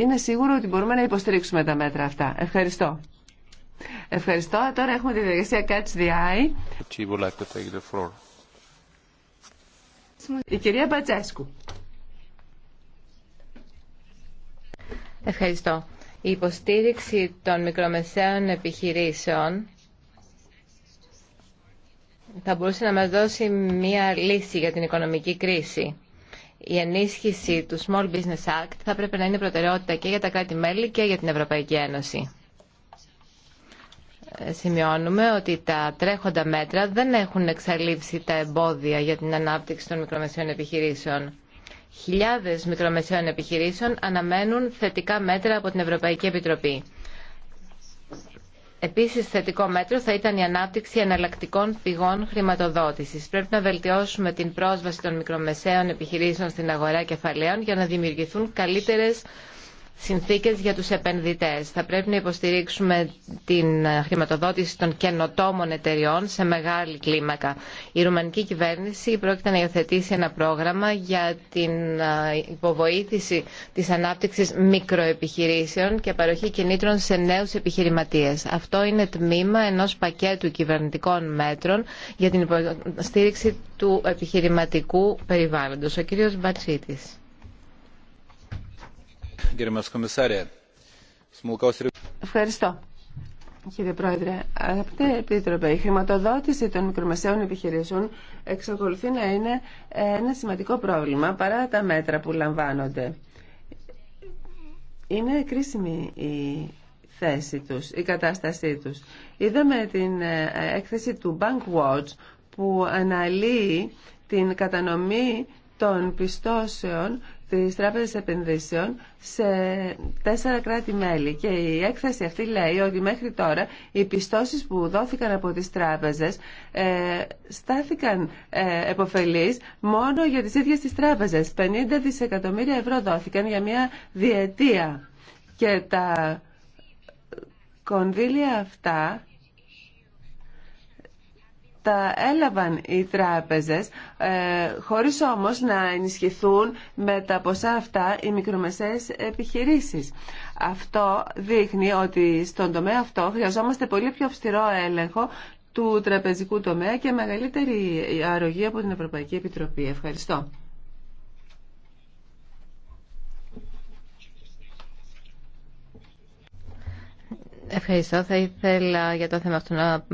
D: είναι σίγουρο ότι μπορούμε να υποστηρίξουμε τα μέτρα αυτά. Ευχαριστώ. Ευχαριστώ. Τώρα έχουμε τη διαδικασία Catch the Eye.
E: Η κυρία Μπατζέσκου Ευχαριστώ. Η υποστήριξη των μικρομεσαίων επιχειρήσεων θα μπορούσε να μας δώσει μία λύση για την οικονομική κρίση. Η ενίσχυση του Small Business Act θα πρέπει να είναι προτεραιότητα και για τα κράτη-μέλη και για την Ευρωπαϊκή Ένωση σημειώνουμε ότι τα τρέχοντα μέτρα δεν έχουν εξαλείψει τα εμπόδια για την ανάπτυξη των μικρομεσαίων επιχειρήσεων. Χιλιάδες μικρομεσαίων επιχειρήσεων αναμένουν θετικά μέτρα από την Ευρωπαϊκή Επιτροπή. Επίσης θετικό μέτρο θα ήταν η ανάπτυξη εναλλακτικών πηγών χρηματοδότησης. Πρέπει να βελτιώσουμε την πρόσβαση των μικρομεσαίων επιχειρήσεων στην αγορά κεφαλαίων για να δημιουργηθούν καλύτερες συνθήκες για τους επενδυτές. Θα πρέπει να υποστηρίξουμε την χρηματοδότηση των καινοτόμων εταιριών σε μεγάλη κλίμακα. Η ρουμανική κυβέρνηση πρόκειται να υιοθετήσει ένα πρόγραμμα για την υποβοήθηση της ανάπτυξης μικροεπιχειρήσεων και παροχή κινήτρων σε νέους επιχειρηματίες. Αυτό είναι τμήμα ενός πακέτου κυβερνητικών μέτρων για την υποστήριξη του επιχειρηματικού περιβάλλοντος. Ο κύριος Μπατσίτης.
D: Ευχαριστώ. Κύριε Πρόεδρε, αγαπητέ Επίτροπε, η χρηματοδότηση των μικρομεσαίων επιχειρήσεων εξακολουθεί να είναι ένα σημαντικό πρόβλημα παρά τα μέτρα που λαμβάνονται. Είναι κρίσιμη η θέση τους, η κατάστασή τους. Είδαμε την ε, έκθεση του Bankwatch που αναλύει την κατανομή των πιστώσεων της Τράπεζας Επενδύσεων σε τέσσερα κράτη-μέλη και η έκθεση αυτή λέει ότι μέχρι τώρα οι πιστώσεις που δόθηκαν από τις τράπεζες ε, στάθηκαν ε, μόνο για τις ίδιες τις τράπεζες. 50 δισεκατομμύρια ευρώ δόθηκαν για μια διετία και τα κονδύλια αυτά τα έλαβαν οι τράπεζες ε, χωρίς όμως να ενισχυθούν με τα ποσά αυτά οι μικρομεσαίες επιχειρήσεις. Αυτό δείχνει ότι στον τομέα αυτό χρειαζόμαστε πολύ πιο αυστηρό έλεγχο του τραπεζικού τομέα και μεγαλύτερη αρρωγή από την Ευρωπαϊκή Επιτροπή. Ευχαριστώ.
E: Ευχαριστώ. Θα ήθελα για το θέμα αυτό να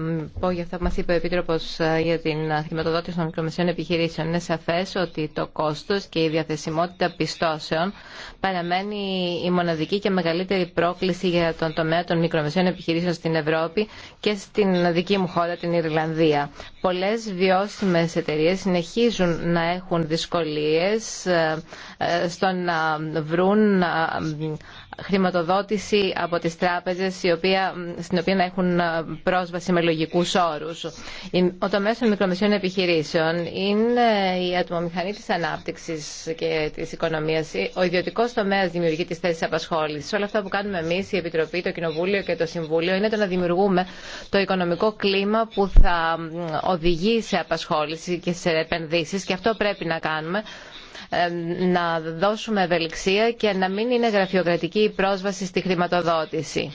E: πω για αυτά που μα είπε ο Επίτροπος ε, για την χρηματοδότηση των μικρομεσαίων επιχειρήσεων. Είναι σαφέ ότι το κόστο και η διαθεσιμότητα πιστώσεων παραμένει η μοναδική και μεγαλύτερη πρόκληση για τον τομέα των μικρομεσαίων επιχειρήσεων στην Ευρώπη και στην δική μου χώρα, την Ιρλανδία. Πολλέ βιώσιμε εταιρείε συνεχίζουν να έχουν δυσκολίε ε, ε, στο να βρουν χρηματοδότηση από τι τράπεζε, οι οποίε οποία, στην οποία να έχουν ε, πρόσβαση με λογικούς όρους. Ο τομέας των μικρομεσαίων επιχειρήσεων είναι η ατμομηχανή της ανάπτυξης και της οικονομίας. Ο ιδιωτικός τομέας δημιουργεί τις θέσεις απασχόλησης. Όλα αυτά που κάνουμε εμείς, η Επιτροπή, το Κοινοβούλιο και το Συμβούλιο, είναι το να δημιουργούμε το οικονομικό κλίμα που θα οδηγεί σε απασχόληση και σε επενδύσεις και αυτό πρέπει να κάνουμε ε, να δώσουμε ευελιξία και να μην είναι γραφειοκρατική η πρόσβαση στη χρηματοδότηση.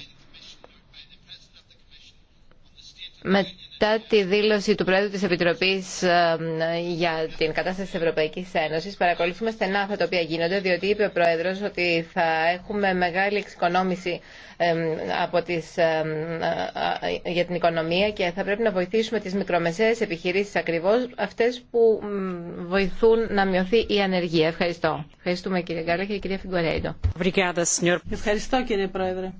E: Μετά τη δήλωση του Πρόεδρου της Επιτροπής ε, για την κατάσταση της Ευρωπαϊκής Ένωσης, παρακολουθούμε στενά αυτά τα οποία γίνονται, διότι είπε ο Πρόεδρος ότι θα έχουμε μεγάλη εξοικονόμηση ε, από τις, ε, για την οικονομία και θα πρέπει να βοηθήσουμε τις μικρομεσαίες επιχειρήσεις ακριβώς, αυτές που βοηθούν να μειωθεί η ανεργία. Ευχαριστώ. Ευχαριστούμε κύριε Γκάλα και κυρία Φιγκορέιντο.
F: Ευχαριστώ κύριε Πρόεδρε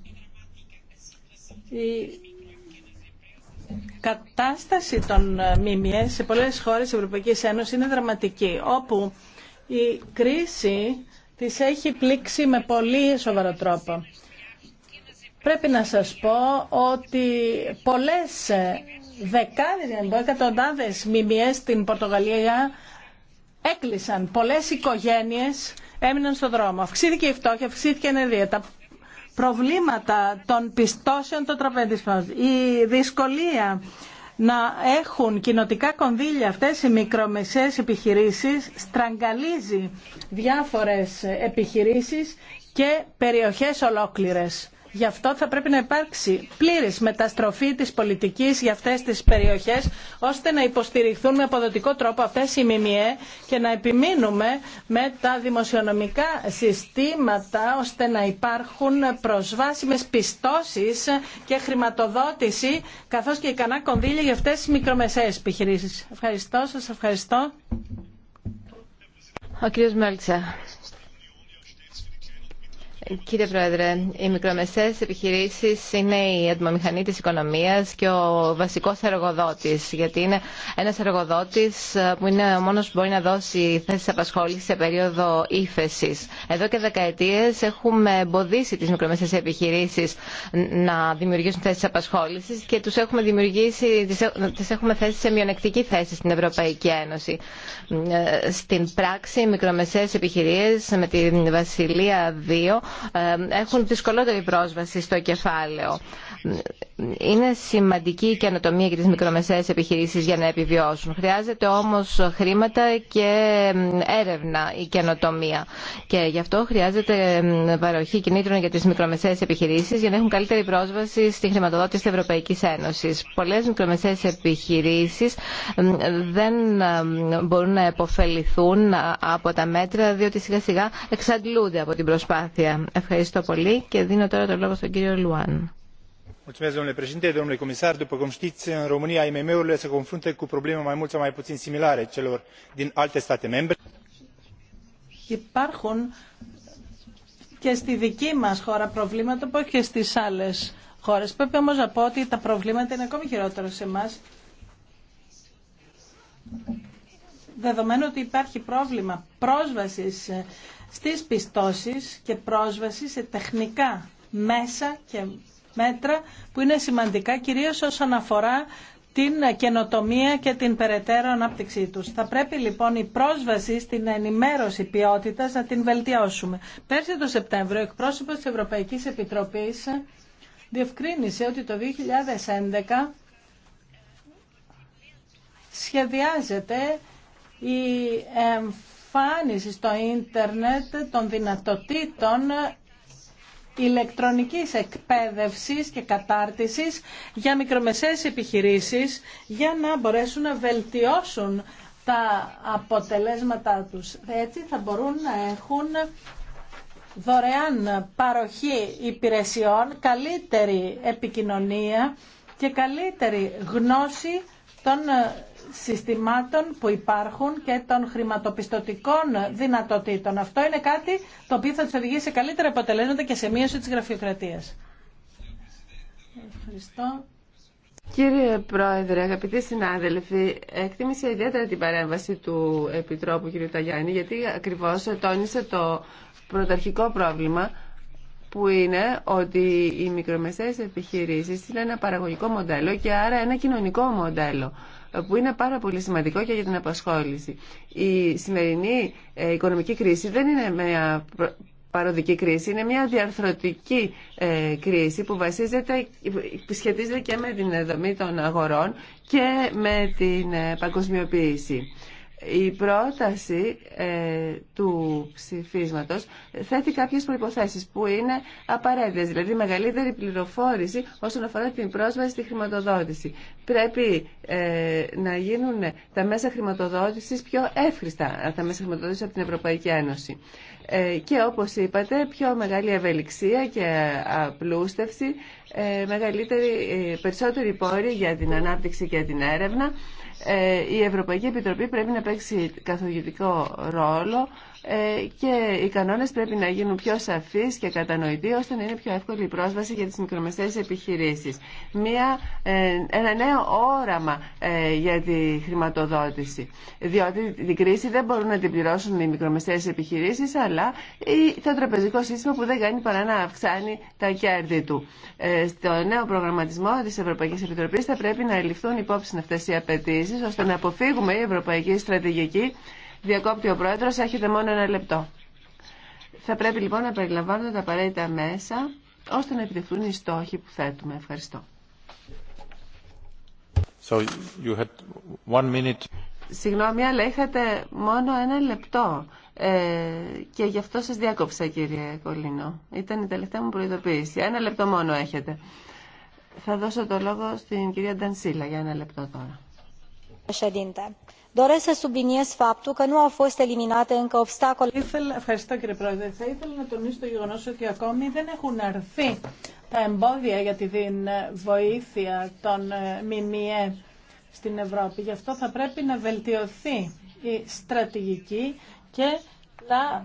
F: κατάσταση των ε, ΜΜΕ σε πολλές χώρες της Ευρωπαϊκής Ένωσης είναι δραματική, όπου η κρίση τις έχει πλήξει με πολύ σοβαρό τρόπο. Πρέπει να σας πω ότι πολλές ε, δεκάδες, εκατοντάδες μιμιές στην Πορτογαλία έκλεισαν. Πολλές οικογένειες έμειναν στον δρόμο. Αυξήθηκε η φτώχεια, αυξήθηκε η ενεργία. Τα προβλήματα των πιστώσεων των τραπεζιστών, η δυσκολία να έχουν κοινοτικά κονδύλια αυτές οι μικρομεσαίες επιχειρήσεις στραγγαλίζει διάφορες επιχειρήσεις και περιοχές ολόκληρες. Γι' αυτό θα πρέπει να υπάρξει πλήρης μεταστροφή της πολιτικής για αυτές τις περιοχές, ώστε να υποστηριχθούν με αποδοτικό τρόπο αυτές οι ΜΜΕ και να επιμείνουμε με τα δημοσιονομικά συστήματα, ώστε να υπάρχουν προσβάσιμες πιστώσεις και χρηματοδότηση, καθώς και ικανά κονδύλια για αυτές τις μικρομεσαίες επιχειρήσεις.
E: Ευχαριστώ, σας ευχαριστώ. Ο Κύριε Πρόεδρε, οι μικρομεσαίες επιχειρήσεις είναι η ατμομηχανή της οικονομίας και ο βασικός εργοδότης, γιατί είναι ένας εργοδότης ε, που είναι ο μόνος που μπορεί να δώσει θέσεις απασχόλησης σε περίοδο ύφεση. Εδώ και δεκαετίες έχουμε εμποδίσει τις μικρομεσαίες επιχειρήσεις να δημιουργήσουν θέσεις απασχόλησης και τους έχουμε δημιουργήσει, τις ε, έχουμε θέσει σε μειονεκτική θέση στην Ευρωπαϊκή Ένωση. Ε, στην πράξη, οι μικρομεσαίες επιχειρήσεις με τη Βασιλεία 2 έχουν δυσκολότερη πρόσβαση στο κεφάλαιο. Είναι σημαντική η καινοτομία για τις μικρομεσαίες επιχειρήσεις για να επιβιώσουν. Χρειάζεται όμως χρήματα και έρευνα η καινοτομία. Και γι' αυτό χρειάζεται παροχή κινήτρων για τις μικρομεσαίες επιχειρήσεις για να έχουν καλύτερη πρόσβαση στη χρηματοδότηση της Ευρωπαϊκής Ένωσης. Πολλές μικρομεσαίες επιχειρήσεις δεν μπορούν να επωφεληθούν από τα μέτρα διότι σιγά σιγά εξαντλούνται από την προσπάθεια Ευχαριστώ πολύ και δίνω τώρα το λόγο στον κύριο Λουάν.
F: Υπάρχουν και στη δική μας χώρα προβλήματα που και στις άλλες χώρες. Πρέπει όμως να πω ότι τα προβλήματα είναι ακόμη χειρότερα σε εμάς. Δεδομένου ότι υπάρχει πρόβλημα πρόσβασης στις πιστώσεις και πρόσβαση σε τεχνικά μέσα και μέτρα που είναι σημαντικά κυρίως όσον αφορά την καινοτομία και την περαιτέρω ανάπτυξή τους. Θα πρέπει λοιπόν η πρόσβαση στην ενημέρωση ποιότητας να την βελτιώσουμε. Πέρσι το Σεπτέμβριο, εκπρόσωπος της Ευρωπαϊκής Επιτροπής διευκρίνησε ότι το 2011 σχεδιάζεται εμφάνιση στο ίντερνετ των δυνατοτήτων ηλεκτρονικής εκπαίδευσης και κατάρτισης για μικρομεσαίες επιχειρήσεις για να μπορέσουν να βελτιώσουν τα αποτελέσματά τους. Έτσι θα μπορούν να έχουν δωρεάν παροχή υπηρεσιών, καλύτερη επικοινωνία και καλύτερη γνώση των συστημάτων που υπάρχουν και των χρηματοπιστωτικών δυνατοτήτων. Αυτό είναι κάτι το οποίο θα του οδηγήσει σε καλύτερα αποτελέσματα και σε μείωση της γραφειοκρατίας. Ευχαριστώ.
D: Κύριε Πρόεδρε, αγαπητοί συνάδελφοι, εκτίμησα ιδιαίτερα την παρέμβαση του Επιτρόπου κ. Ταγιάννη, γιατί ακριβώς τόνισε το πρωταρχικό πρόβλημα που είναι ότι οι μικρομεσαίες επιχειρήσεις είναι ένα παραγωγικό μοντέλο και άρα ένα κοινωνικό μοντέλο που είναι πάρα πολύ σημαντικό και για την απασχόληση. Η σημερινή ε, οικονομική κρίση δεν είναι μια παροδική κρίση, είναι μια διαρθρωτική ε, κρίση που βασίζεται, σχετίζεται και με την δομή των αγορών και με την ε, παγκοσμιοποίηση. Η πρόταση ε, του ψηφίσματος θέτει κάποιες προϋποθέσεις που είναι απαραίτητες, δηλαδή μεγαλύτερη πληροφόρηση όσον αφορά την πρόσβαση στη χρηματοδότηση. Πρέπει ε, να γίνουν τα μέσα χρηματοδότησης πιο εύχριστα, τα μέσα χρηματοδότησης από την Ευρωπαϊκή Ένωση. Ε, και όπως είπατε, πιο μεγάλη ευελιξία και απλούστευση, ε, μεγαλύτερη, περισσότερη πόρη για την ανάπτυξη και την έρευνα ε, η Ευρωπαϊκή Επιτροπή πρέπει να παίξει καθοδητικό ρόλο ε, και οι κανόνες πρέπει να γίνουν πιο σαφείς και κατανοητοί ώστε να είναι πιο εύκολη η πρόσβαση για τις μικρομεσαίες επιχειρήσεις. Μια, ε, ένα νέο όραμα για τη χρηματοδότηση, διότι την κρίση δεν μπορούν να την πληρώσουν οι μικρομεσαίες επιχειρήσεις αλλά το τραπεζικό σύστημα που δεν κάνει παρά να αυξάνει τα κέρδη του. στο νέο προγραμματισμό της Ευρωπαϊκής Επιτροπής θα πρέπει να ληφθούν υπόψη αυτές οι απαιτήσει ώστε να αποφύγουμε η ευρωπαϊκή στρατηγική. Διακόπτει ο πρόεδρο, έχετε μόνο ένα λεπτό. Θα πρέπει λοιπόν να περιλαμβάνονται τα απαραίτητα μέσα ώστε να επιτευχθούν οι στόχοι που θέτουμε. Ευχαριστώ. So you had one minute. Συγγνώμη, αλλά είχατε μόνο ένα λεπτό ε, και γι' αυτό σας διάκοψα κύριε Κολίνο. Ήταν η τελευταία μου προειδοποίηση. Ένα λεπτό μόνο έχετε. Θα δώσω το λόγο στην κυρία Ντανσίλα για ένα λεπτό τώρα. Ευχαριστώ
F: κύριε Πρόεδρε. Θα ήθελα να τονίσω το γεγονό ότι ακόμη δεν έχουν αρθεί τα εμπόδια για τη βοήθεια των ε, ΜΜΕ στην Ευρώπη. Γι' αυτό θα πρέπει να βελτιωθεί η στρατηγική και να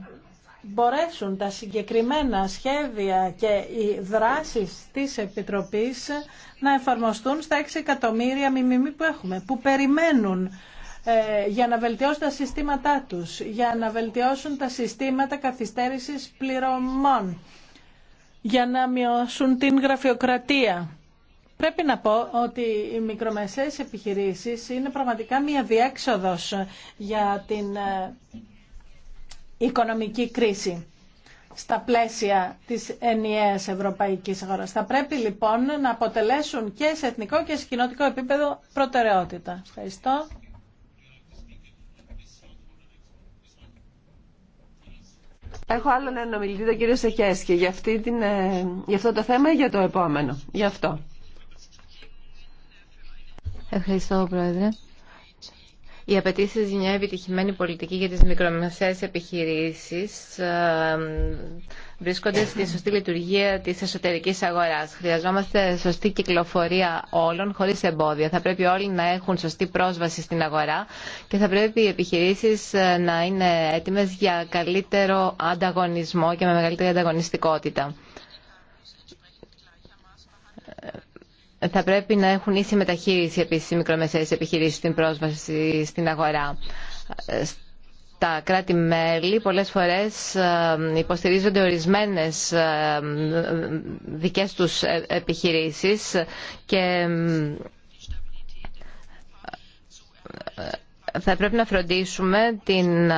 F: μπορέσουν τα συγκεκριμένα σχέδια και οι δράσεις της Επιτροπής να εφαρμοστούν στα 6 εκατομμύρια μιμιμή που έχουμε, που περιμένουν ε, για να βελτιώσουν τα συστήματά τους, για να βελτιώσουν τα συστήματα καθυστέρησης πληρωμών, για να μειώσουν την γραφειοκρατία. Πρέπει να πω ότι οι μικρομεσαίες επιχειρήσεις είναι πραγματικά μια διέξοδος για την ε, οικονομική κρίση στα πλαίσια της ενιαίας ευρωπαϊκής αγοράς. Θα πρέπει λοιπόν να αποτελέσουν και σε εθνικό και σε κοινωτικό επίπεδο προτεραιότητα. Ευχαριστώ.
D: Έχω άλλον ένα ομιλητή, τον κύριο Σεχέσκη, για, αυτή την, ε, για αυτό το θέμα ή για το επόμενο.
E: Γι' αυτό. Ευχαριστώ, Πρόεδρε. Οι απαιτήσει για μια επιτυχημένη πολιτική για τις μικρομεσαίες επιχειρήσεις ε, βρίσκονται στη σωστή λειτουργία τη εσωτερική αγορά. Χρειαζόμαστε σωστή κυκλοφορία όλων χωρίς εμπόδια. Θα πρέπει όλοι να έχουν σωστή πρόσβαση στην αγορά και θα πρέπει οι επιχειρήσεις ε, να είναι έτοιμες για καλύτερο ανταγωνισμό και με μεγαλύτερη ανταγωνιστικότητα. θα πρέπει να έχουν ίση μεταχείριση επίσης οι μικρομεσαίες επιχειρήσεις στην πρόσβαση στην αγορά. Τα κράτη-μέλη πολλές φορές ε, υποστηρίζονται ορισμένες ε, δικές τους ε, επιχειρήσεις και θα πρέπει να φροντίσουμε την,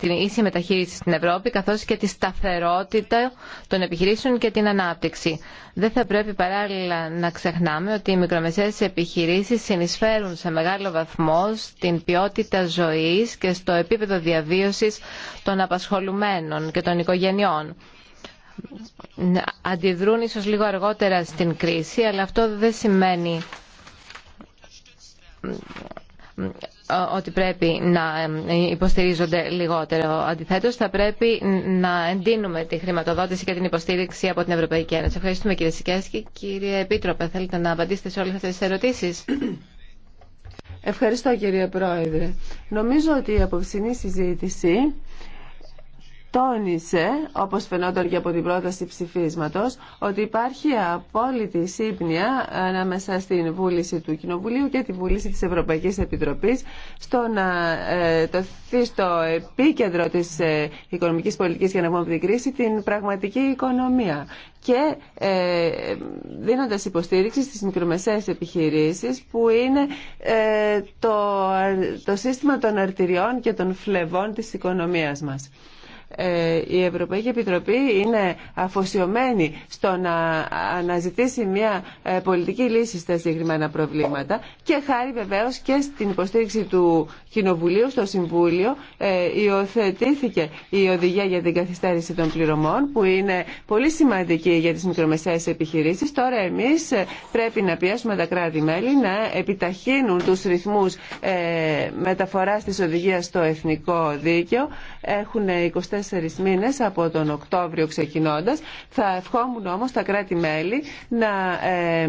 E: την ίση μεταχείριση στην Ευρώπη καθώς και τη σταθερότητα των επιχειρήσεων και την ανάπτυξη. Δεν θα πρέπει παράλληλα να ξεχνάμε ότι οι μικρομεσαίες επιχειρήσεις συνεισφέρουν σε μεγάλο βαθμό στην ποιότητα ζωής και στο επίπεδο διαβίωσης των απασχολουμένων και των οικογενειών αντιδρούν ίσως λίγο αργότερα στην κρίση, αλλά αυτό δεν σημαίνει ότι πρέπει να υποστηρίζονται λιγότερο. Αντιθέτως, θα πρέπει να εντείνουμε τη χρηματοδότηση και την υποστήριξη από την Ευρωπαϊκή Ένωση. Ευχαριστούμε κύριε Σικέσκη. Κύριε Επίτροπε, θέλετε να απαντήσετε σε όλες αυτές τις ερωτήσεις. Ευχαριστώ κύριε
D: Πρόεδρε. Νομίζω ότι η απόψινή συζήτηση τόνισε, όπως φαινόταν και από την πρόταση ψηφίσματος, ότι υπάρχει απόλυτη σύμπνοια ανάμεσα στην βούληση του Κοινοβουλίου και τη βούληση της Ευρωπαϊκής Επιτροπής στο να ε, τοθεί στο επίκεντρο της ε, οικονομικής πολιτικής για να βγούμε από την κρίση την πραγματική οικονομία και ε, δίνοντας υποστήριξη στις μικρομεσαίες επιχειρήσεις που είναι ε, το, το σύστημα των αρτηριών και των φλεβών της οικονομίας μας. Ε, η Ευρωπαϊκή Επιτροπή είναι αφοσιωμένη στο να αναζητήσει μια ε, πολιτική λύση στα συγκεκριμένα προβλήματα και χάρη βεβαίως και στην υποστήριξη του Κοινοβουλίου στο Συμβούλιο ε, υιοθετήθηκε η οδηγία για την καθυστέρηση των πληρωμών που είναι πολύ σημαντική για τις μικρομεσαίες επιχειρήσεις. Τώρα εμείς πρέπει να πιέσουμε τα κράτη-μέλη να επιταχύνουν τους ρυθμούς μεταφοράς της οδηγίας στο εθνικό δίκαιο. Έχουν τέσσερις μήνες από τον Οκτώβριο ξεκινώντας. Θα ευχόμουν όμως τα κράτη-μέλη να ε, ε,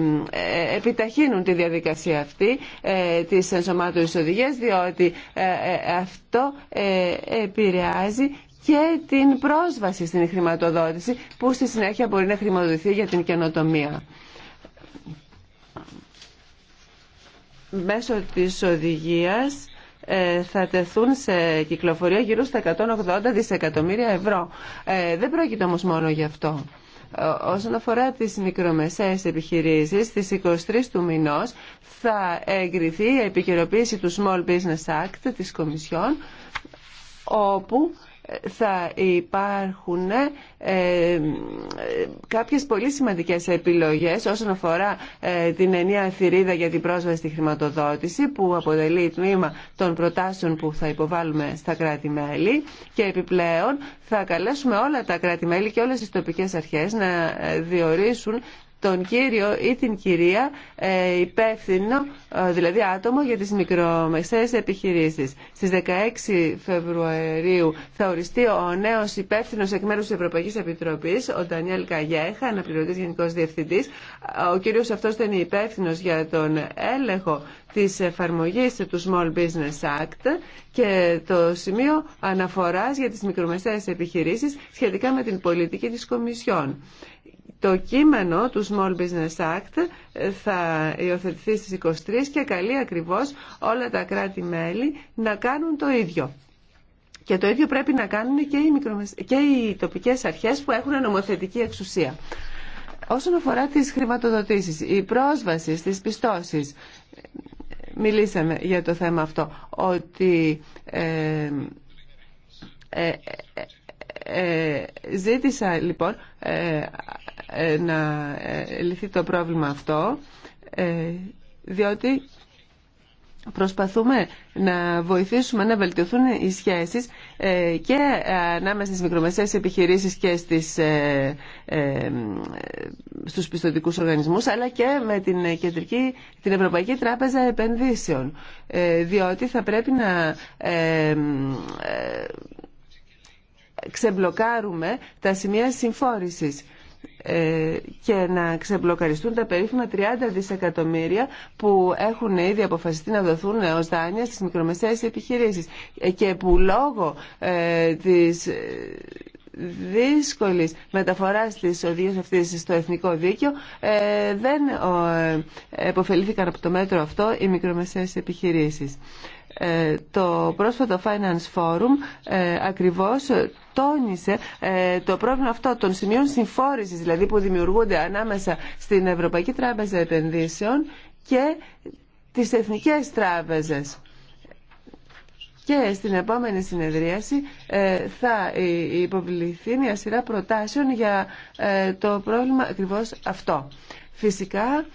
D: επιταχύνουν τη διαδικασία αυτή ε, της ενσωμάτωσης οδηγίας διότι αυτό επηρεάζει και την πρόσβαση στην χρηματοδότηση που στη συνέχεια μπορεί να χρηματοδοτηθεί για την καινοτομία. Μέσω της οδηγίας ε, θα τεθούν σε κυκλοφορία γύρω στα 180 δισεκατομμύρια ευρώ. Ε, δεν πρόκειται όμως μόνο γι' αυτό. Ε, όσον αφορά τις μικρομεσαίες επιχειρήσεις, στις 23 του μηνός θα εγκριθεί η επικαιροποίηση του Small Business Act της Κομισιόν, όπου θα υπάρχουν ε, ε, κάποιες πολύ σημαντικές επιλογές όσον αφορά ε, την ενία θηρίδα για την πρόσβαση στη χρηματοδότηση που αποτελεί τμήμα των προτάσεων που θα υποβάλουμε στα κράτη-μέλη και επιπλέον θα καλέσουμε όλα τα κράτη-μέλη και όλες τις τοπικές αρχές να διορίσουν τον κύριο ή την κυρία ε, υπεύθυνο, ε, δηλαδή άτομο για τις μικρομεσαίες επιχειρήσεις. Στις 16 Φεβρουαρίου θα οριστεί ο νέος υπεύθυνο εκ μέρους της Ευρωπαϊκής Επιτροπής, ο Ντανιέλ Καγιέχα, αναπληρωτής Γενικός Διευθυντής. Ο κύριος αυτός θα είναι υπεύθυνο για τον έλεγχο της εφαρμογής του Small Business Act και το σημείο αναφοράς για τις μικρομεσαίες επιχειρήσεις σχετικά με την πολιτική της Κομισιόν. Το κείμενο του Small Business Act θα υιοθετηθεί στις 23 και καλεί ακριβώς όλα τα κράτη-μέλη να κάνουν το ίδιο. Και το ίδιο πρέπει να κάνουν και οι, μικρομεσ... και οι τοπικές αρχές που έχουν νομοθετική εξουσία. Όσον αφορά τις χρηματοδοτήσεις, η πρόσβαση στις πιστώσεις, μιλήσαμε για το θέμα αυτό, ότι... Ε, ε, ε, ε, ζήτησα λοιπόν ε, ε, να λυθεί το πρόβλημα αυτό διότι προσπαθούμε να βοηθήσουμε να βελτιωθούν οι σχέσεις και ανάμεσα στις μικρομεσαίες επιχειρήσεις και στις, ε, ε, στους πιστοτικούς οργανισμούς αλλά και με την, κεντρική, την Ευρωπαϊκή Τράπεζα Επενδύσεων διότι θα πρέπει να ξεμπλοκάρουμε τα σημεία συμφόρησης ε, και να ξεμπλοκαριστούν τα περίφημα 30 δισεκατομμύρια που έχουν ήδη αποφασιστεί να δοθούν ως δάνεια στις μικρομεσαίες επιχειρήσεις ε, και που λόγω ε, της δύσκολης μεταφοράς της οδηγίας αυτής στο εθνικό δίκαιο δεν επωφελήθηκαν από το μέτρο αυτό οι μικρομεσαίες επιχειρήσεις. Ε, το πρόσφατο Finance Forum ε, ακριβώς τόνισε ε, το πρόβλημα αυτό των σημείων συμφόρησης, δηλαδή που δημιουργούνται ανάμεσα στην Ευρωπαϊκή Τράπεζα Επενδύσεων και τις Εθνικές Τράπεζες. Και στην επόμενη συνεδρίαση θα υποβληθεί μια σειρά προτάσεων για το πρόβλημα ακριβώς αυτό. Φυσικά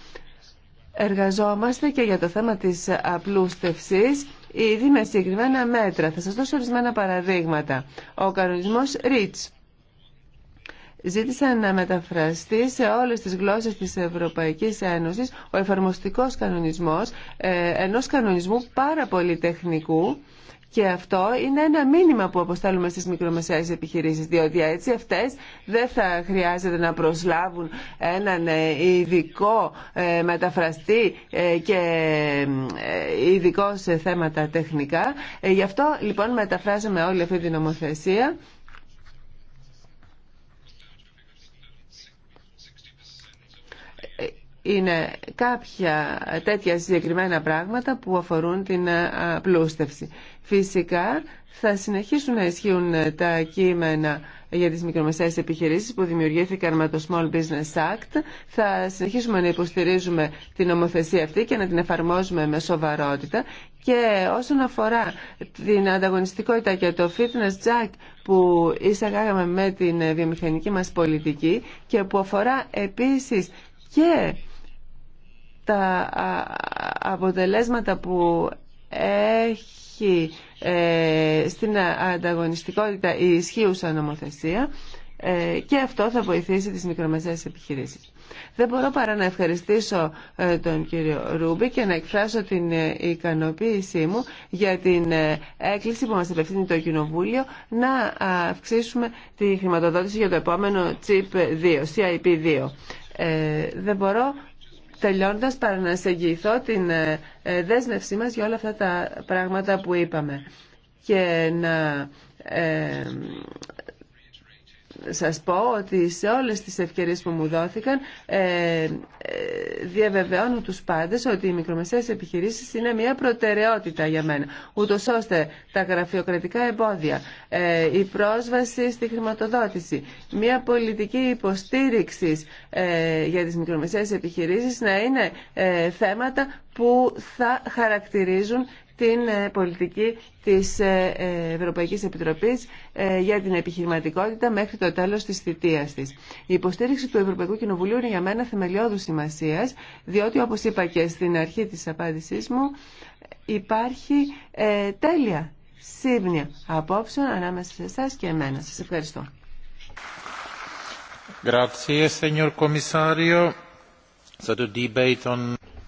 D: εργαζόμαστε και για το θέμα της απλούστευσης ήδη με συγκεκριμένα μέτρα. Θα σας δώσω ορισμένα παραδείγματα. Ο κανονισμός REACH ζήτησε να μεταφραστεί σε όλες τις γλώσσες της Ευρωπαϊκής Ένωσης ο εφαρμοστικός κανονισμός ε, ενός κανονισμού πάρα πολύ τεχνικού και αυτό είναι ένα μήνυμα που αποστέλουμε στις μικρομεσαίες επιχειρήσεις, διότι έτσι αυτές δεν θα χρειάζεται να προσλάβουν έναν ε, ειδικό ε, μεταφραστή ε, και ειδικό σε θέματα τεχνικά. Γι' αυτό λοιπόν μεταφράζουμε όλη αυτή την νομοθεσία. είναι κάποια τέτοια συγκεκριμένα πράγματα που αφορούν την ε, πλούστευση. Φυσικά θα συνεχίσουν να ισχύουν ε, τα κείμενα για τις μικρομεσαίες επιχειρήσεις που δημιουργήθηκαν με το Small Business Act. Θα συνεχίσουμε να υποστηρίζουμε την νομοθεσία αυτή και να την εφαρμόζουμε με σοβαρότητα. Και όσον αφορά την ανταγωνιστικότητα και το fitness jack που εισαγάγαμε με την ε, βιομηχανική μας πολιτική και που αφορά επίσης και τα αποτελέσματα που έχει ε, στην ανταγωνιστικότητα η ισχύουσα νομοθεσία ε, και αυτό θα βοηθήσει τις μικρομεσαίες επιχειρήσεις. Δεν μπορώ παρά να ευχαριστήσω ε, τον κύριο Ρούμπι και να εκφράσω την ικανοποίησή μου για την έκκληση που μας απευθύνει το Κοινοβούλιο να αυξήσουμε τη χρηματοδότηση για το επόμενο CHIP 2, CIP 2. δεν μπορώ Τελειώντας, παρανασεγγυηθώ την ε, ε, δέσμευσή μας για όλα αυτά τα πράγματα που είπαμε και να ε, σας πω ότι σε όλες τις ευκαιρίες που μου δόθηκαν ε, ε, διαβεβαιώνω τους πάντες ότι οι μικρομεσαίες επιχειρήσεις είναι μια προτεραιότητα για μένα. Ούτως ώστε τα γραφειοκρατικά εμπόδια, ε, η πρόσβαση στη χρηματοδότηση, μια πολιτική υποστήριξη για τις μικρομεσαίες επιχειρήσεις να είναι θέματα που θα χαρακτηρίζουν την ε, πολιτική της ε, ε, Ευρωπαϊκής Επιτροπής για την επιχειρηματικότητα μέχρι το τέλος της θητείας της. Η υποστήριξη του Ευρωπαϊκού Κοινοβουλίου είναι για μένα θεμελιώδου σημασίας, διότι όπως είπα και στην αρχή της απάντησής μου, υπάρχει τέλεια σύμπνια απόψεων ανάμεσα σε εσά και εμένα. Σας ευχαριστώ.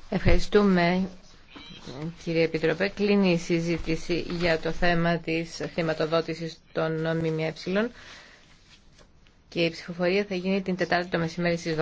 E: Ευχαριστούμε κύριε Επιτροπέ. Κλείνει η συζήτηση για το θέμα της χρηματοδότησης των ΜΜΕ και η ψηφοφορία θα γίνει την Τετάρτη το μεσημέρι στις